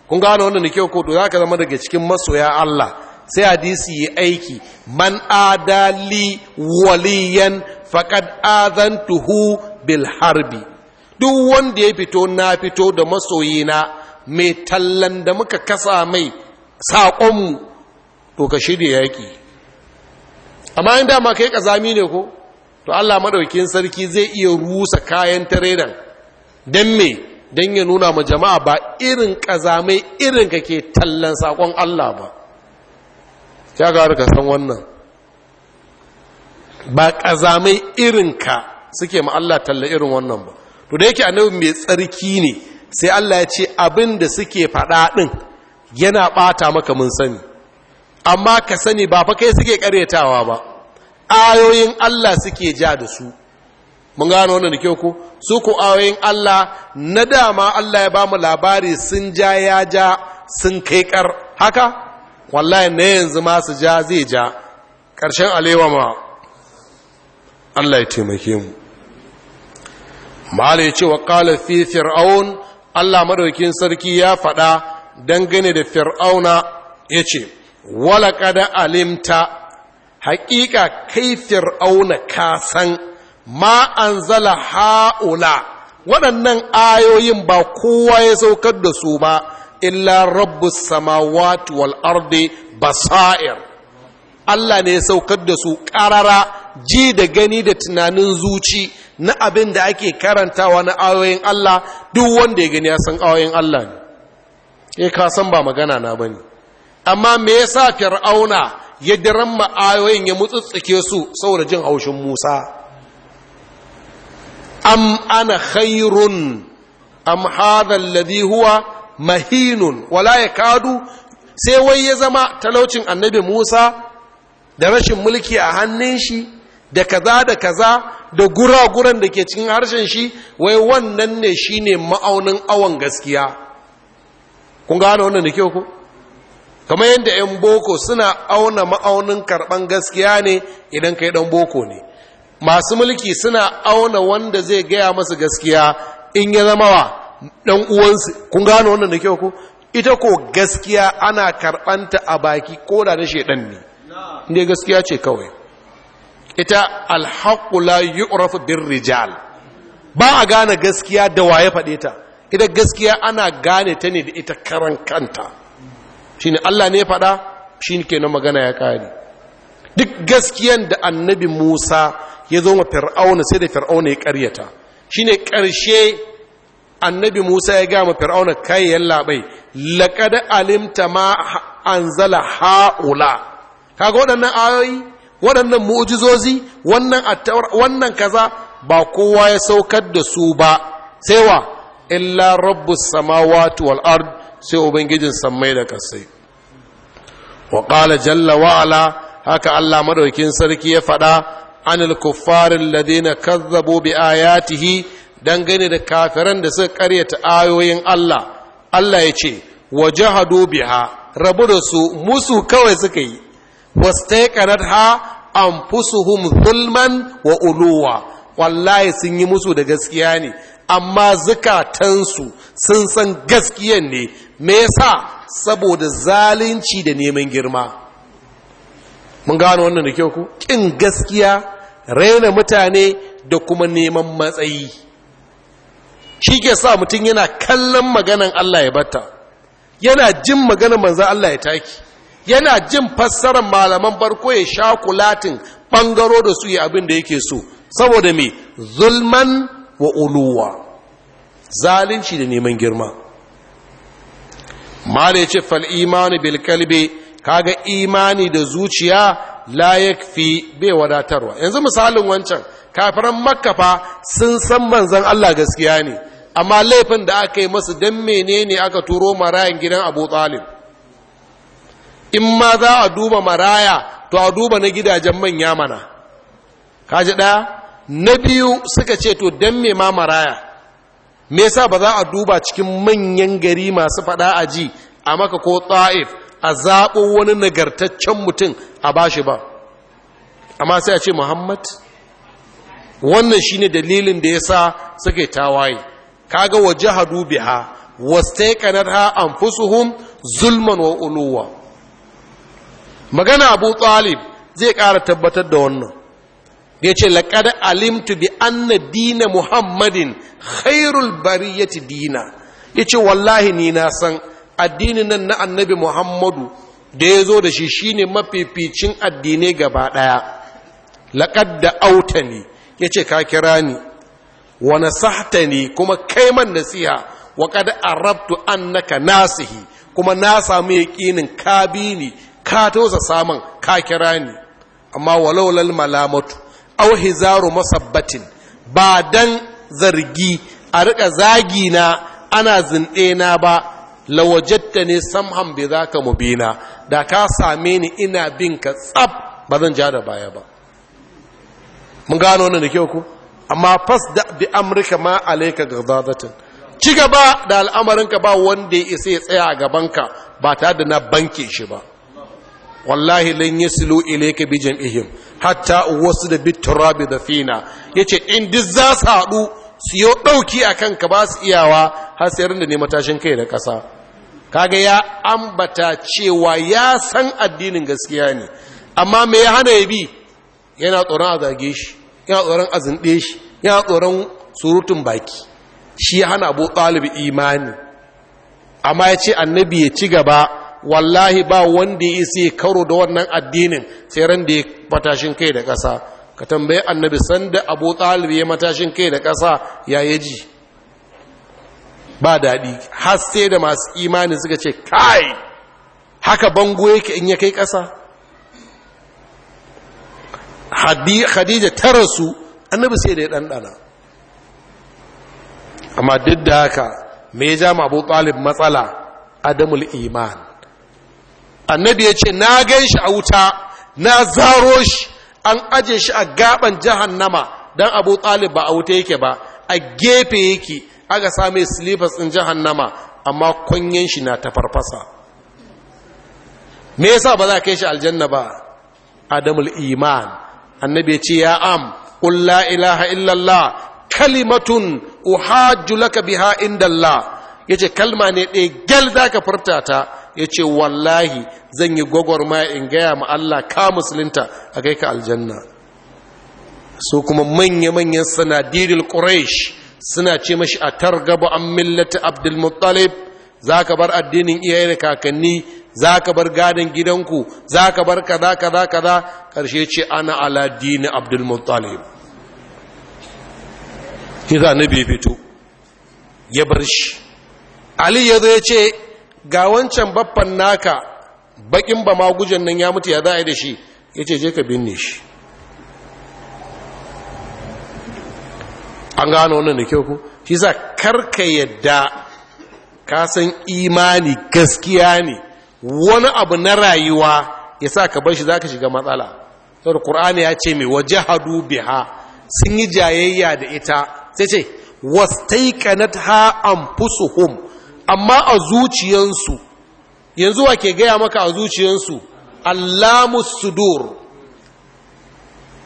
kun gano wannan na kyau ko Za ka zama daga cikin masoya Allah sai hadisi yi aiki man adali waliyan faƙad azantuhu bil harbi duk wanda ya fito na fito da masoyina mai tallan da muka kasa mai saƙonmu to ka shirya yaƙi amma yin dama kai ƙazami ne ko to allah maɗaukin sarki zai iya rusa kayan da don me don ya nuna ma jama'a ba irin ƙazamai irin ka ke tallan saƙon allah ba ya gawar ka san wannan ba ƙazamai irin ka suke ma Allah talla irin wannan ba to da yake annabi mai tsarki ne sai Allah ya ce abin da suke faɗa ɗin yana ɓata maka mun sani amma ka sani ba fa kai suke ƙaryatawa ba ayoyin Allah suke ja da su mun gano wannan da kyau ko su ku ayoyin Allah na dama Allah ya ba mu labari sun ja ya ja sun kai kar haka wallahi ne yanzu ma su ja zai ja ƙarshen alewa ma Allah ya taimake mu mala ya ce wa qala fi fir'aun Allah madaukin sarki ya faɗa dangane da fir'auna ya ce wala kada alimta haƙiƙa kai fir'auna ka san ma anzala haula waɗannan ayoyin ba kowa ya saukar da su ba illa rabbus samawati wal ardi basair Allah ne ya saukar da su ƙarara ji da gani da tunanin zuci na abin da ake karantawa na ayoyin Allah duk wanda ya gani ya san ayoyin Allah ne E, ka san ba magana na bane amma me yasa fir'auna ya diramma ayoyin ya mutsutsuke su saboda jin haushin Musa am ana khairun am hadha alladhi huwa mahinun wala yakadu sai wai ya zama talaucin annabi Musa da rashin mulki a hannun shi da kaza da kaza da guraguran da ke cikin harshen shi wai wannan ne shi ne ma'aunin awon gaskiya kun gane wannan da kyau ko kamar yadda 'yan boko suna auna ma'aunin karban gaskiya ne idan ka yi ɗan boko ne masu mulki suna auna wanda zai gaya masu gaskiya in ya zama wa ɗan uwansu kun gane wannan da kyau ko ita ko gaskiya ana karɓanta a baki ko da na shedan ne inda gaskiya ce kawai ita alhaƙula la yu'rafu bin ba a gane gaskiya da waye faɗe ta ita gaskiya ana gane ta ne da ita karan kanta shine Allah ne faɗa shine kenan magana ya kare duk gaskiyan da annabi Musa ya zo ma fir'auna sai da fir'auna ya karyata shine ƙarshe annabi Musa ya ga ma fir'auna kai yallabai laqad alimta ma anzala haula kaga waɗannan ayoyi waɗannan mu'jizozi wannan kaza ba kowa ya saukar da su ba sai wa illa rabbus samawati wal ard sai ubangijin samai da kasai wa qala jalla wa ala haka Allah madaukin sarki ya faɗa anil kuffarin ladina kazzabu bi ayatihi dangane da kafiran da suka karyata ayoyin Allah Allah ya ce wajahadu biha rabu da su musu kawai suka yi wastaiqanatha anfusuhum zulman wa uluwa wallahi sun yi musu da gaskiya ne amma zukatansu sun san gaskiya ne me sa? saboda zalunci da neman girma mun gano wannan da kyau ku kin gaskiya raina mutane da kuma neman matsayi shi ke sa mutum yana kallon maganan Allah ya bata. yana jin maganan manzan Allah ya taki yana jin fassarar malaman barko ya sha kulatin bangaro da su yi abin da yake so saboda mai zulman wa uluwa zalunci da neman girma mala ce fal imani bil kalbi kaga imani da zuciya layak fi bai wadatarwa yanzu misalin wancan kafiran makafa sun san manzon Allah gaskiya ne amma laifin da aka yi masu dan menene aka turo marayan gidan Abu Talib in ma za a duba maraya to a duba na gidajen manya mana kaji ɗaya na biyu suka ce to don me ma maraya me yasa ba za a duba cikin manyan gari masu faɗa a ji a maka ko tsa'if a zaɓo wani nagartaccen mutum a bashi ba amma sai a ce muhammad wannan shine dalilin da yasa suke tawaye kaga wajhadu ha an fusuhun zulman wa uluwa magana abu talib zai ƙara tabbatar da wannan ya ce laƙada alimtu bi anna dina muhammadin khairul bariyati dina ya ce wallahi ni na san addinin nan na annabi muhammadu da ya zo da shi shine mafificin addinai gaba ɗaya laƙad da auta ne ya ce ka kira ni wa nasahta ne kuma kai man nasiha wa kad arabtu annaka nasihi kuma na samu yaƙinin ka bi ni ka toza samun ka kira ni amma walaulal malamatu au hizaru masabbatin ba dan zargi a rika zagi na ana zinɗe na ba lawajatta ne samhan bai za ka mubina da ka same ni ina bin ka tsab ba zan ja da baya ba mun gano wannan da kyau ku amma fas da bi amurka ma alaika gazazatin ci gaba da al'amarinka ba wanda ya isa ya tsaya a gabanka ba tare da na banke shi ba wallahi lan yaslu ilayka bi jam'ihim hatta da bit turabi fina yace in duk za su haɗu su yo dauki akan ka ba su iyawa har sai rinda ne matashin kai da ƙasa kaga ya ambata cewa ya san addinin gaskiya ne amma me ya hana ya bi yana tsoron azage shi yana tsoron azinde shi yana tsoron surutun baki shi ya hana abu talib imani amma ya ce annabi ya ci gaba wallahi ba wanda ya isa karo da wannan addinin sai ran da ya matashin kai da ƙasa ka tambaye annabi sanda abu talib ya matashin kai da ƙasa ya yi ji ba daɗi har sai da masu imani suka ce kai haka bango yake in ya kai ƙasa khadija ta rasu annabi sai da ya ɗanɗana amma duk da haka me ya ja ma abu talib matsala adamul iman annabi ya ce na gan shi a wuta na zaro shi an aje shi a gaban nama don abu talib ba a wuta yake ba a gefe yake aka same silifas ɗin jahannama amma kunyen shi na ta farfasa me yasa ba za ka yi shi aljanna ba adamul iman annabi ya ce ya am qul ilaha illallah kalimatun uhajju laka biha Ya yace kalma ne ɗaya gyal zaka furta ta ya ce wallahi zan yi gwagwarma in gaya ma Allah ka musulunta a kai ka aljanna so kuma manya-manyan sanadiril quraish suna ce mashi a targaba an millata abdulmuttalib za ka bar addinin iyaye da kakanni za ka bar gadin gidanku za ka bar kaza kaza kaza karshe ce ana ala dini abdulmuttalib za na bebeto ya bar shi ali ya zo ya ce ga wancan baffan naka bakin ba magujan nan ya mutu ya za a yi da shi ya ce je ka binne shi an gano wannan da kyau ku shi za karka yadda ka san imani gaskiya ne wani abu na rayuwa ya sa ka bar shi za ka shiga matsala saboda ƙur'ani ya ce mai waje hadu biha sun yi jayayya da ita sai ce wasu taikanat ha home amma a zuciyansu yanzu wa ke gaya maka a zuciyansu allamus sudur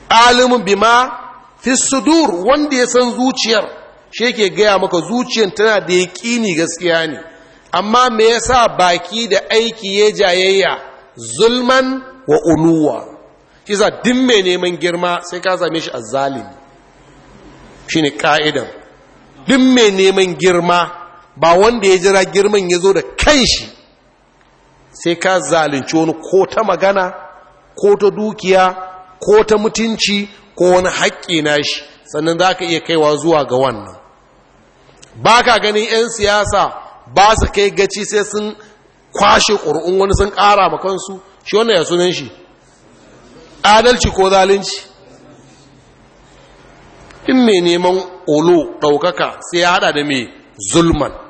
alimin bima fi sudur wanda ya san zuciyar shi ke gaya maka zuciyar tana da yaƙini gaskiya ne amma me yasa baki da aiki ya jayayya zulman wa unuwa kiza din mai neman girma sai ka same shi shi ne ka'idan din mai neman girma ba wanda ya jira girman ya zo da kanshi sai ka zalunci wani ko ta magana ko ta dukiya ko ta mutunci ko wani haƙƙi na shi sannan za ka iya kaiwa zuwa ga wannan ba ka ganin 'yan siyasa ba su kai gaci sai sun kwashe ƙuri'un wani sun ƙara makonsu shi wannan ya sunan shi adalci ko zalunci in mai neman olo ɗaukaka sai ya haɗa da mai zulman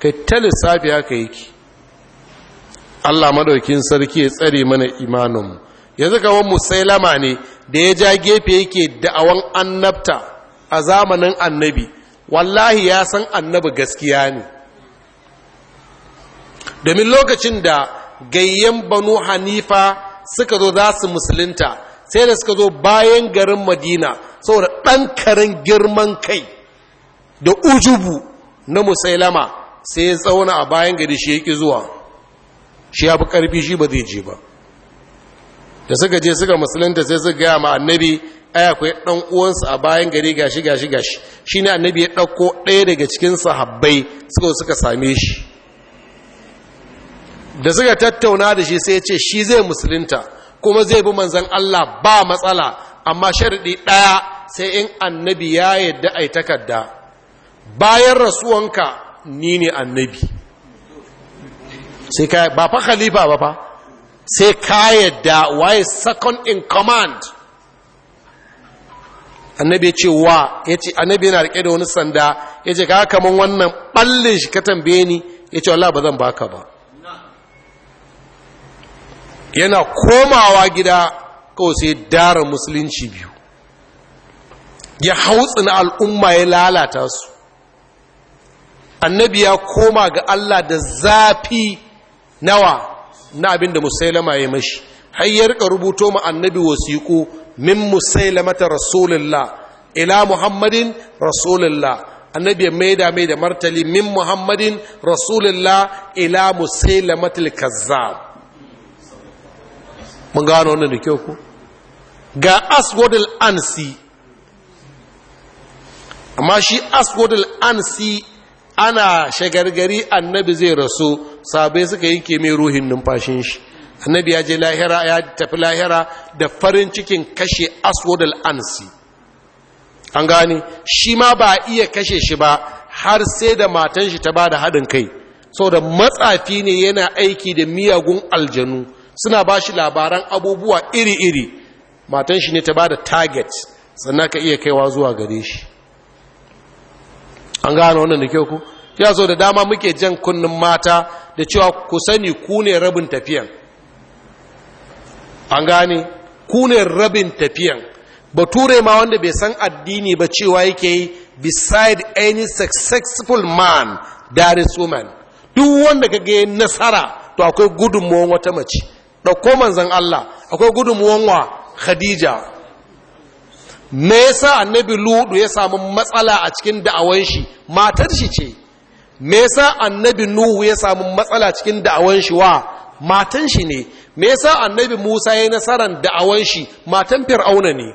kai ta lissafi haka yake Allah maɗaukin sarki ya tsare mana imanin yanzu kawo musailama ne da ya ja gefe yake da'awan annabta a zamanin annabi wallahi ya san annabi gaskiya ne domin lokacin da gayyen banu hanifa suka zo za su musulunta sai da suka zo bayan garin madina saboda ɗan karen girman kai da ujubu na musailama sai ya tsauna a bayan gari shi ya ƙi zuwa shi ya fi ƙarfi shi ba zai je ba da suka je suka musulunta sai suka gaya ma annabi aya akwai ɗan uwansa a bayan gari gashi gashi gashi shi ne annabi ya ɗauko ɗaya daga cikin sahabbai suka suka same shi da suka tattauna da shi sai ya ce shi zai musulunta kuma zai bi manzan Allah ba matsala amma sharɗi ɗaya sai in annabi ya yadda yi takarda bayan rasuwanka ni ne annabi sai ba fa khalifa ba fa sai ka yadda waye second in command annabi ya ce wa ya annabi yana rike da wani sanda ya ce ka kaman wannan balle shi ka tambaye ni Yace ce ba zan baka ba yana komawa gida kawai sai dara musulunci biyu ya hau na al'umma ya lalata su annabi ya koma ga Allah da zafi nawa na abin da musailama ya mashi har ya rubuto ma annabi wasiku min musailamata rasulullah ila muhammadin rasulullah annabi ya maida mai da martali min muhammadin rasulullah ila ta kazzab mun gano wannan da kyau ko ga aswadul ansi amma shi aswadul ansi ana shagargari annabi zai rasu sabai suka yanke mai ruhin numfashin shi annabi ya je lahira ya tafi lahira da farin cikin kashe aswadal ansi an gane shi ma ba iya kashe shi ba har sai da matan shi ta ba da haɗin kai saboda matsafi ne yana aiki da miyagun aljanu suna ba shi labaran abubuwa iri-iri matan shi ne ta ba da target sannan ka iya kaiwa zuwa gare shi an gano wannan da kyau ku ya so da dama muke jan kunnin mata da cewa ku sani ku ne rabin tafiyan an gane ku ne rabin tafiyan bature ma wanda bai san addini ba cewa yake yi beside any successful man there is woman duk wanda ka ga nasara to akwai gudunmuwan wata mace ɗauko manzan Allah akwai gudunmuwan wa Khadija me yasa annabi ludu ya samu matsala a cikin da'awan shi matar shi ce me yasa annabi nuhu ya samu matsala cikin da'awan shi wa matan shi ne me yasa annabi musa ya nasaran da'awan shi matan fir'auna ne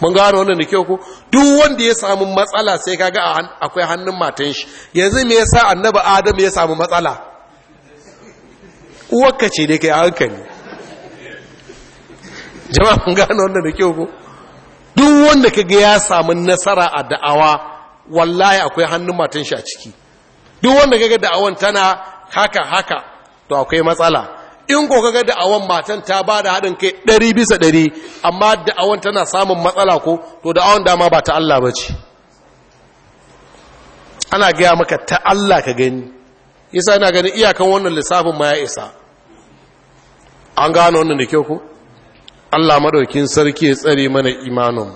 mun gano wannan da kyau ko duk wanda ya samu matsala sai kaga akwai hannun matan shi yanzu me yasa annabi adam ya samu matsala uwarka ce dai kai hankali jama'a kun gano wanda da kyau ko duk wanda kaga ya samu nasara a da'awa wallahi akwai hannun matan shi a ciki duk wanda kaga da'awan tana haka haka to akwai matsala in ko ga da'awan matan ta bada da haɗin kai ɗari bisa ɗari amma da'awan tana samun matsala ko to da'awan dama ba ta Allah bace. ce ana gaya maka ta Allah ka gani yasa yana ganin iyakan wannan lissafin ma ya isa an gano wannan da kyau ko Allah madaukin sarki ya tsare mana imanin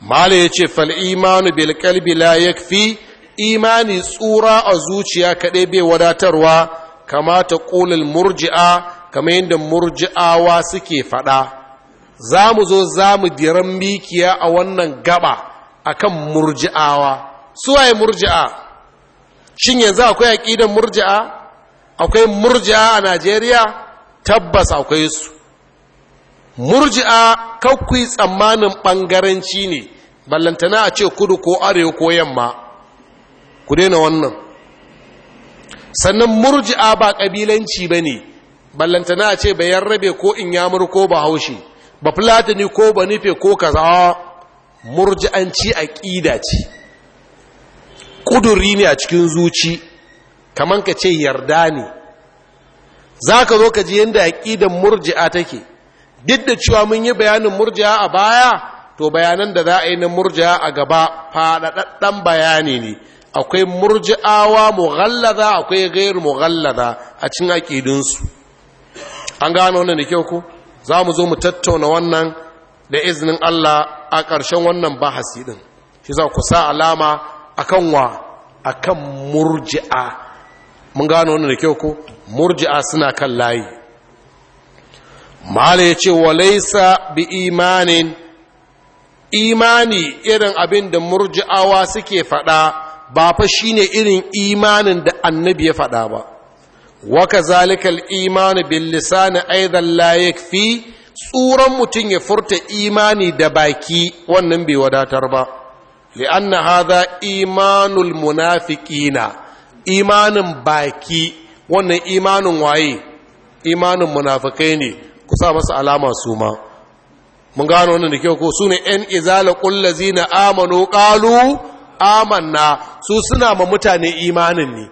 mala yace fal imanu bil qalbi la yakfi imani tsura a zuciya kaɗai, bai wadatarwa kamata qulul murji'a kamar yadda murji'awa suke fada zamu zo zamu diran mikiya a wannan gaba akan murji'awa suwaye murji'a shin yanzu akwai aƙidan murji'a akwai murji'a a Najeriya tabbas akwai su murji'a kakwai tsammanin ɓangaranci ne ballantana a ce kudu ko arewa ko yamma ku daina wannan sannan murji'a ba ƙabilanci ba ne ballantana a ce bayan rabe ko in yamur ko ba haushi ba fulatani ko ba nufe ko kaza murji'anci a ƙida ce ƙuduri ne a cikin zuci kamar ka ce yarda ne za ka zo ka ji yadda ƙidan murji'a take duk da cewa mun yi bayanin murji'a a baya to bayanan da za a yi na murji'a a gaba faɗaɗɗen bayani ne akwai murji'awa mughallaza akwai ghair mughallaza a cikin aqidinsu an gano wannan da kyau ko za mu zo mu tattauna wannan da iznin Allah a ƙarshen wannan bahasi din shi za ku sa alama akan wa akan murji'a mun gano wannan da kyau ko murji'a suna kan layi mala ya ce walaisa bi imanin imani irin abin da murji'awa suke faɗa ba fa shine irin imanin da annabi ya faɗa ba waka zalikal imanu bil lisani aizan layek fi tsuran mutum ya furta imani da baki wannan bai wadatar ba li'anna haza imanul munafiqina imanin baki wannan imanin waye imanin munafikai ne ku sa masa alama su ma mun gano wannan da kyau ko su ne ‘yan izala ƙullazi zina amano ƙalu amanna su suna ma mutane imanin ne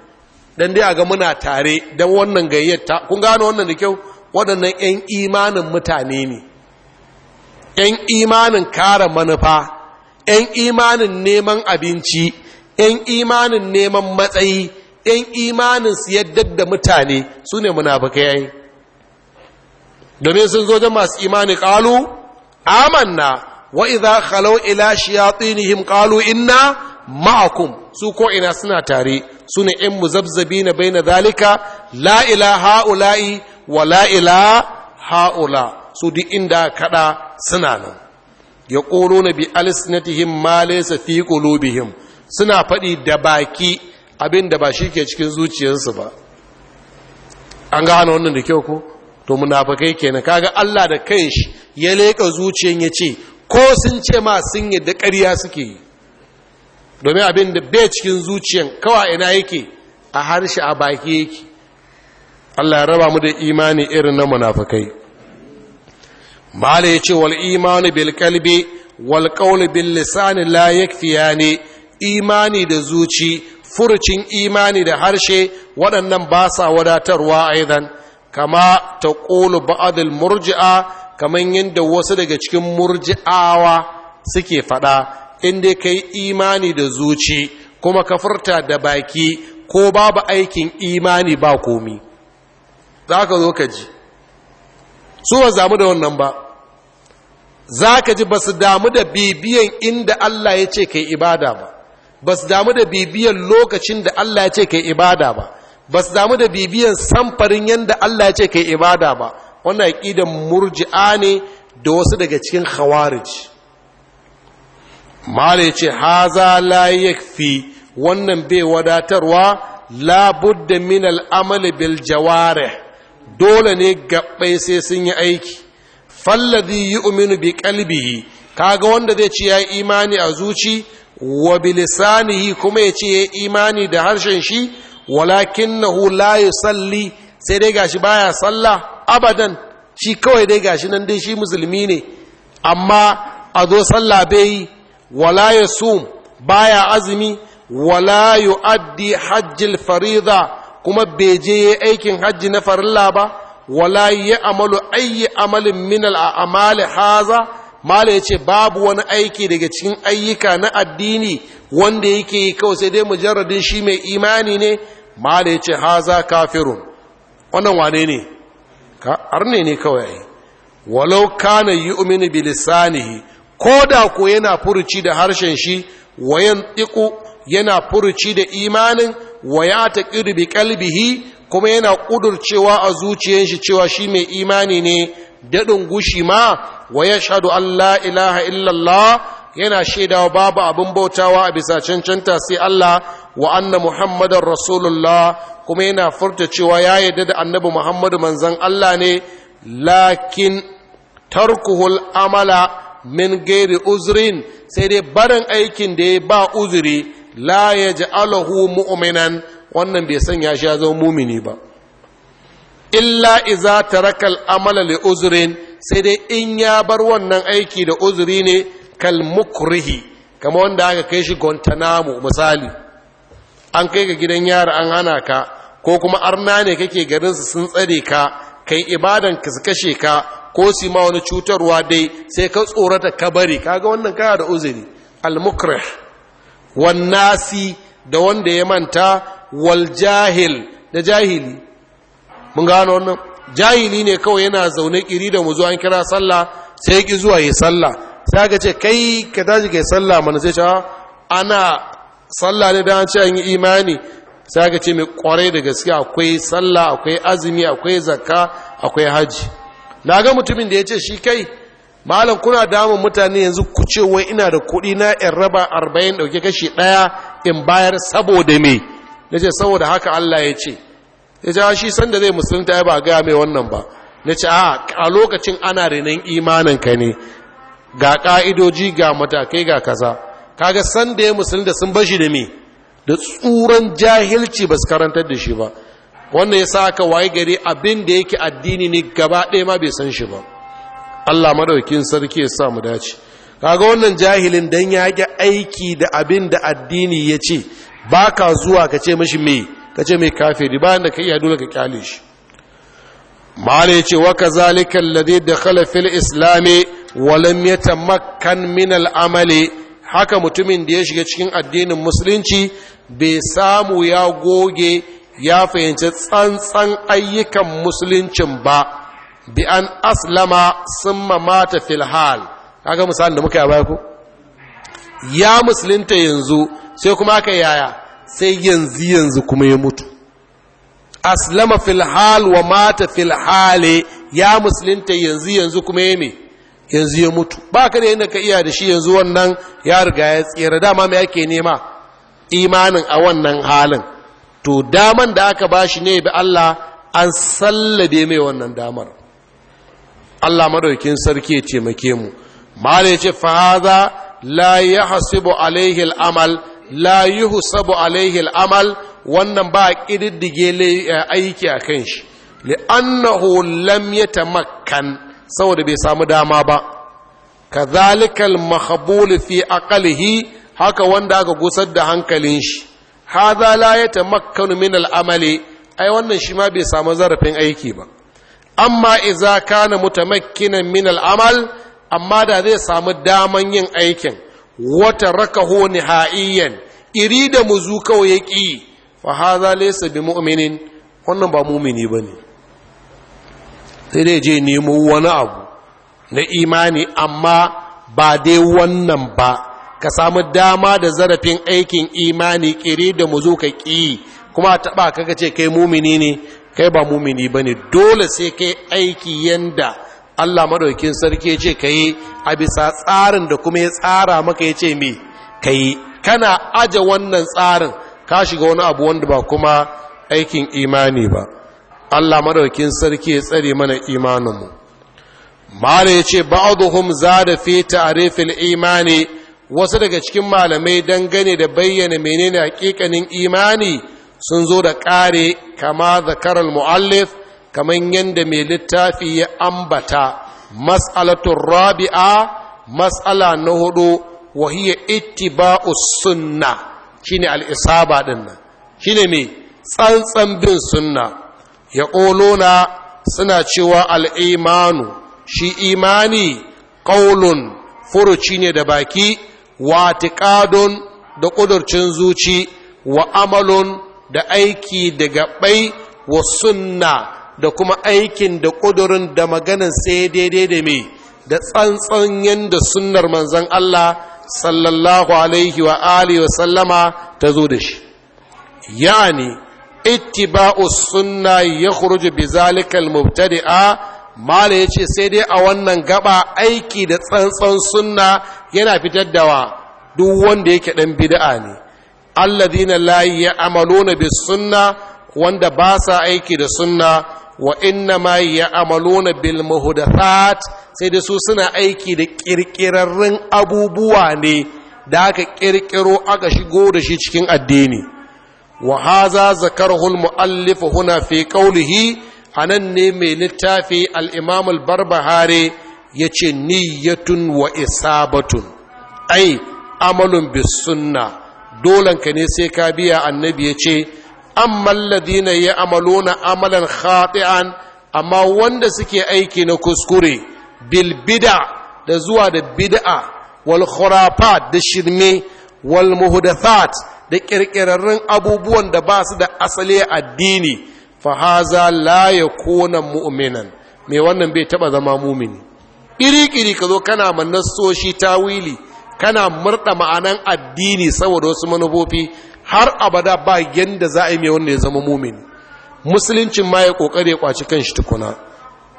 don dai a ga muna tare don wannan gayyata kun gano wannan da kyau waɗannan ‘yan imanin mutane ne ‘yan imanin kara manufa ‘yan imanin neman abinci ‘yan imanin neman matsayi ‘yan imanin siyar da mutane su ne munafukai domin sun zo da masu imani ƙalu amanna wa idza khalaw ila shayatinihim qalu inna ma'akum su ko ina suna tare suna in muzabzabina baina zalika la ilaha haula'i wa la ila haula su di inda kada suna nan yaquluna bi alsinatihim ma laysa fi qulubihim suna faɗi da baki abinda ba shi ke cikin zuciyarsu ba an gano wannan da kyau ko to munafakai kenan kaga Allah da kanshi ya leka zuciyan ya ce ko sun ce ma sun yadda ƙarya suke yi domin abin da bai cikin zuciyan kawa ina yake a harshe a baki yake Allah ya raba mu da imani irin na munafakai mala yace ce wal imani bil qalbi wal qawli bil lisani la yakfiyani imani da zuci furucin imani da harshe waɗannan ba sa wadatarwa aidan kama ta ƙolu ba'adul murji'a kamar yadda wasu daga cikin murji'awa suke faɗa in dai ka yi imani da zuci kuma ka furta da baki ko babu aikin imani ba komi za ka zo ka ji su ba zamu da wannan ba za ka ji ba su damu da bibiyan inda Allah ya ce ka ibada ba ba su damu da bibiyan lokacin da Allah ya ce ka ibada ba ba su damu da bibiyan samfarin yadda Allah ya ce kai ibada ba wannan aqidan murji'a ne da wasu daga cikin khawarij mala ya ce haza la yakfi wannan bai wadatarwa la budda min al'amal bil jaware dole ne gabbai sai sun yi aiki yi yu'minu bi qalbihi kaga wanda zai ce ya imani a zuci wa bilisanihi kuma ya ce ya imani da harshen shi walakinahu la salli, sai dai gashi baya salla abadan shi kawai dai gashi nan dai shi musulmi ne amma a zo sallah bai yi wala ba baya azumi walayu addi hajjil farida kuma bai je aikin hajji na farilla ba wala ya amalu ayyi amalin minal a amali haza mala ya ce babu wani aiki daga cikin ayyuka na addini wanda yake yi kawai sai dai mujarradin shi mai imani ne mala ya ce haza kafirun wannan wane ne arne ne kawai walau kana yi bi lisanihi ko da ku yana furuci da harshen shi wayan tiku yana furuci da imanin waya ta kirbi kalbihi kuma yana ƙudurcewa a zuciyar shi cewa shi mai imani ne daɗin gushi ma waya ya shaɗu Allah ilaha illallah yana shaidawa babu abin bautawa a bisa cancanta sai Allah wa anna Muhammadar Rasulullah kuma yana furta cewa ya yarda da annabi Muhammadu manzon Allah ne lakin tarkuhul amala min gairi uzrin sai dai barin aikin da ya ba uzuri la ya ji alahu mu'minan wannan bai sanya shi ya zama mumini ba illa iza tarakal amala li uzrin sai dai in ya bar wannan aiki da uzuri ne mukrihi kama wanda aka kai shi guantanamo misali an kai ga gidan yara an hana ka ko kuma arna ne kake garin garinsu sun tsare ka kai ibadan ka su kashe ka ko su ma wani cutarwa dai sai ka tsorata ka bari kaga wannan kaya da uzuri almukrih wannasi da wanda ya manta wal jahil da jahili mun gano wannan jahili ne kawai yana zaune kiri da mu zuwa an kira sallah sai ki zuwa yi sallah sai ga ce kai ka daji ka yi sallah mana zai ce ah, ana sallah ne don an ce an yi imani sai ka ce mai kwarai da gaske akwai sallah akwai azumi akwai zakka akwai haji na ga mutumin da ya ce shi kai malam kuna damun mutane yanzu ku ce wai ina da kuɗi na in raba arba'in ɗauke kashi ɗaya in bayar saboda me na ce saboda haka allah ya ce ya ce ah, shi sanda zai musulunta ya ba gaya mai wannan ba na ce ah, a lokacin ana renon ka ne ga ƙa'idoji ga matakai ga kaza kaga san da ya musulun da sun bashi da me da tsuran jahilci ba su karantar da shi ba wannan ya sa aka waye gari abin da yake addini ne gaba ɗaya ma bai san shi ba allah maɗaukin sarki ya sa mu dace kaga wannan jahilin dan ya ga aiki da abin da addini ya ce ba ka zuwa ka ce mashi me ka ce mai kafiri bayan da ka iya dole ka kyale shi mala ya ce wa da alladhi islami ولم يتمكن من العمل haka mutumin da ya shiga cikin addinin musulunci bai samu ya goge ya fahimci tsantsan ayyukan musuluncin ba bi an aslama sun mamata filhal. hal kaga misalin da muka yi ku ya musulunta yanzu sai kuma aka yaya sai yanzu yanzu kuma ya mutu aslama filhal wa mata filhale ya musulunta yanzu yanzu kuma ya me yanzu ya mutu ba ka da yadda ka iya da shi yanzu wannan ya riga ya tsira dama mai ake nema imanin a wannan halin to daman da aka ba shi ne bi Allah an sallabe mai wannan damar Allah madaukin sarki ya taimake mu mala yace fa hadha la yahsibu alaihi al-amal la yuhsabu alaihi al-amal wannan ba kididdige eh, aiki akan shi li'annahu lam yatamakkan saboda bai samu dama ba zalikal mahbul fi akalihi haka wanda aka gusar da hankalin shi za la makkanu min al'amali ai wannan shi ma bai samu zarafin aiki ba amma iza kana mutamakkinan min al'amal amma da zai samu daman yin aikin wata raka rakahu nihaiyan iri da muzu kawai ya ƙi fa hadha ya bi mu'minin wannan ba mumini ne. sai dai je nemo wani abu na imani amma ba dai wannan ba ka samu dama da zarafin aikin imani kiri da mu zo ka ƙi kuma taɓa kaka ce kai mumini ne kai ba mumini ba ne dole sai kai aiki yanda allah maɗaukin sarki ce ka yi a bisa tsarin da kuma ya tsara maka ya ce me ka yi kana aje wannan tsarin ka shiga wani abu wanda ba kuma aikin imani ba Allah madaukin sarki ya tsare mana imaninmu mala ya ce ba'aduhum zada fi ta'rifil imani wasu daga cikin malamai dangane da bayyana menene hakikanin imani sun zo da ƙare kama zakarar mu'allif kamar yadda mai littafi ya ambata mas'alatun rabi'a mas'ala na hudu wahiyar ittiba'u sunna shine al'isaba ɗin nan shine mai tsantsan bin sunna ya ƙolona suna cewa al'imanu shi imani ƙaulun furuci ne da baki wa tiƙadun da ƙudurcin zuci wa amalun da aiki daga gaɓai wa sunna da kuma aikin da ƙudurin da maganin sai daidai da mai da tsantsan yadda sunnar manzan Allah sallallahu alaihi wa wa sallama ta zo da shi yani ittiba'u sunna ya khuruju bi zalikal mubtadi'a yace sai dai a wannan gaba aiki da tsantsan sunna yana fitar da wa duk wanda yake dan bid'a ne alladhina la ya'maluna bis sunna wanda ba sa aiki da sunna wa inna ma ya'maluna bil muhdathat sai da su suna aiki da kirkirarrun abubuwa ne da aka kirkiro aka shigo da shi cikin addini Wahaza haza zakarhul mu'allif huna fi qawlihi anan ne mai littafi al-imam Ya ce yace niyyatun wa isabatun ai amalun bis sunna ka ne sai ka biya annabi yace amma alladhina ya'maluna amalan khati'an amma wanda suke aiki na kuskure bilbida da zuwa da bid'a wal khurafat da shirme wal muhdathat da kirkirarrun abubuwan da ba su da asali addini fa haza la yakuna mu'minan me wannan bai taba zama mumini iri ka zo kana manassoshi tawili kana murda ma'anan addini saboda wasu manufofi har abada ba yanda za a yi mai wanda ya zama mumini musuluncin ma ya kokare kwaci shi tukuna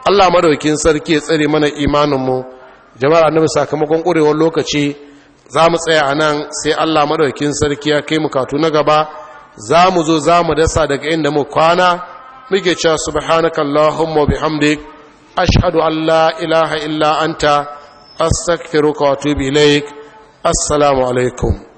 Allah madaukin sarki ya tsare mana imaninmu jama'ar annabi sakamakon ƙurewar lokaci za mu tsaya a nan sai allah maɗaukin sarki ya kai mu katu na gaba za mu zo za mu dasa daga inda mu kwana muke cewa subhanakallahumma bihamdik ashhadu an la ilaha illa anta astaghfiruka wa atubu ilaik assalamu alaikum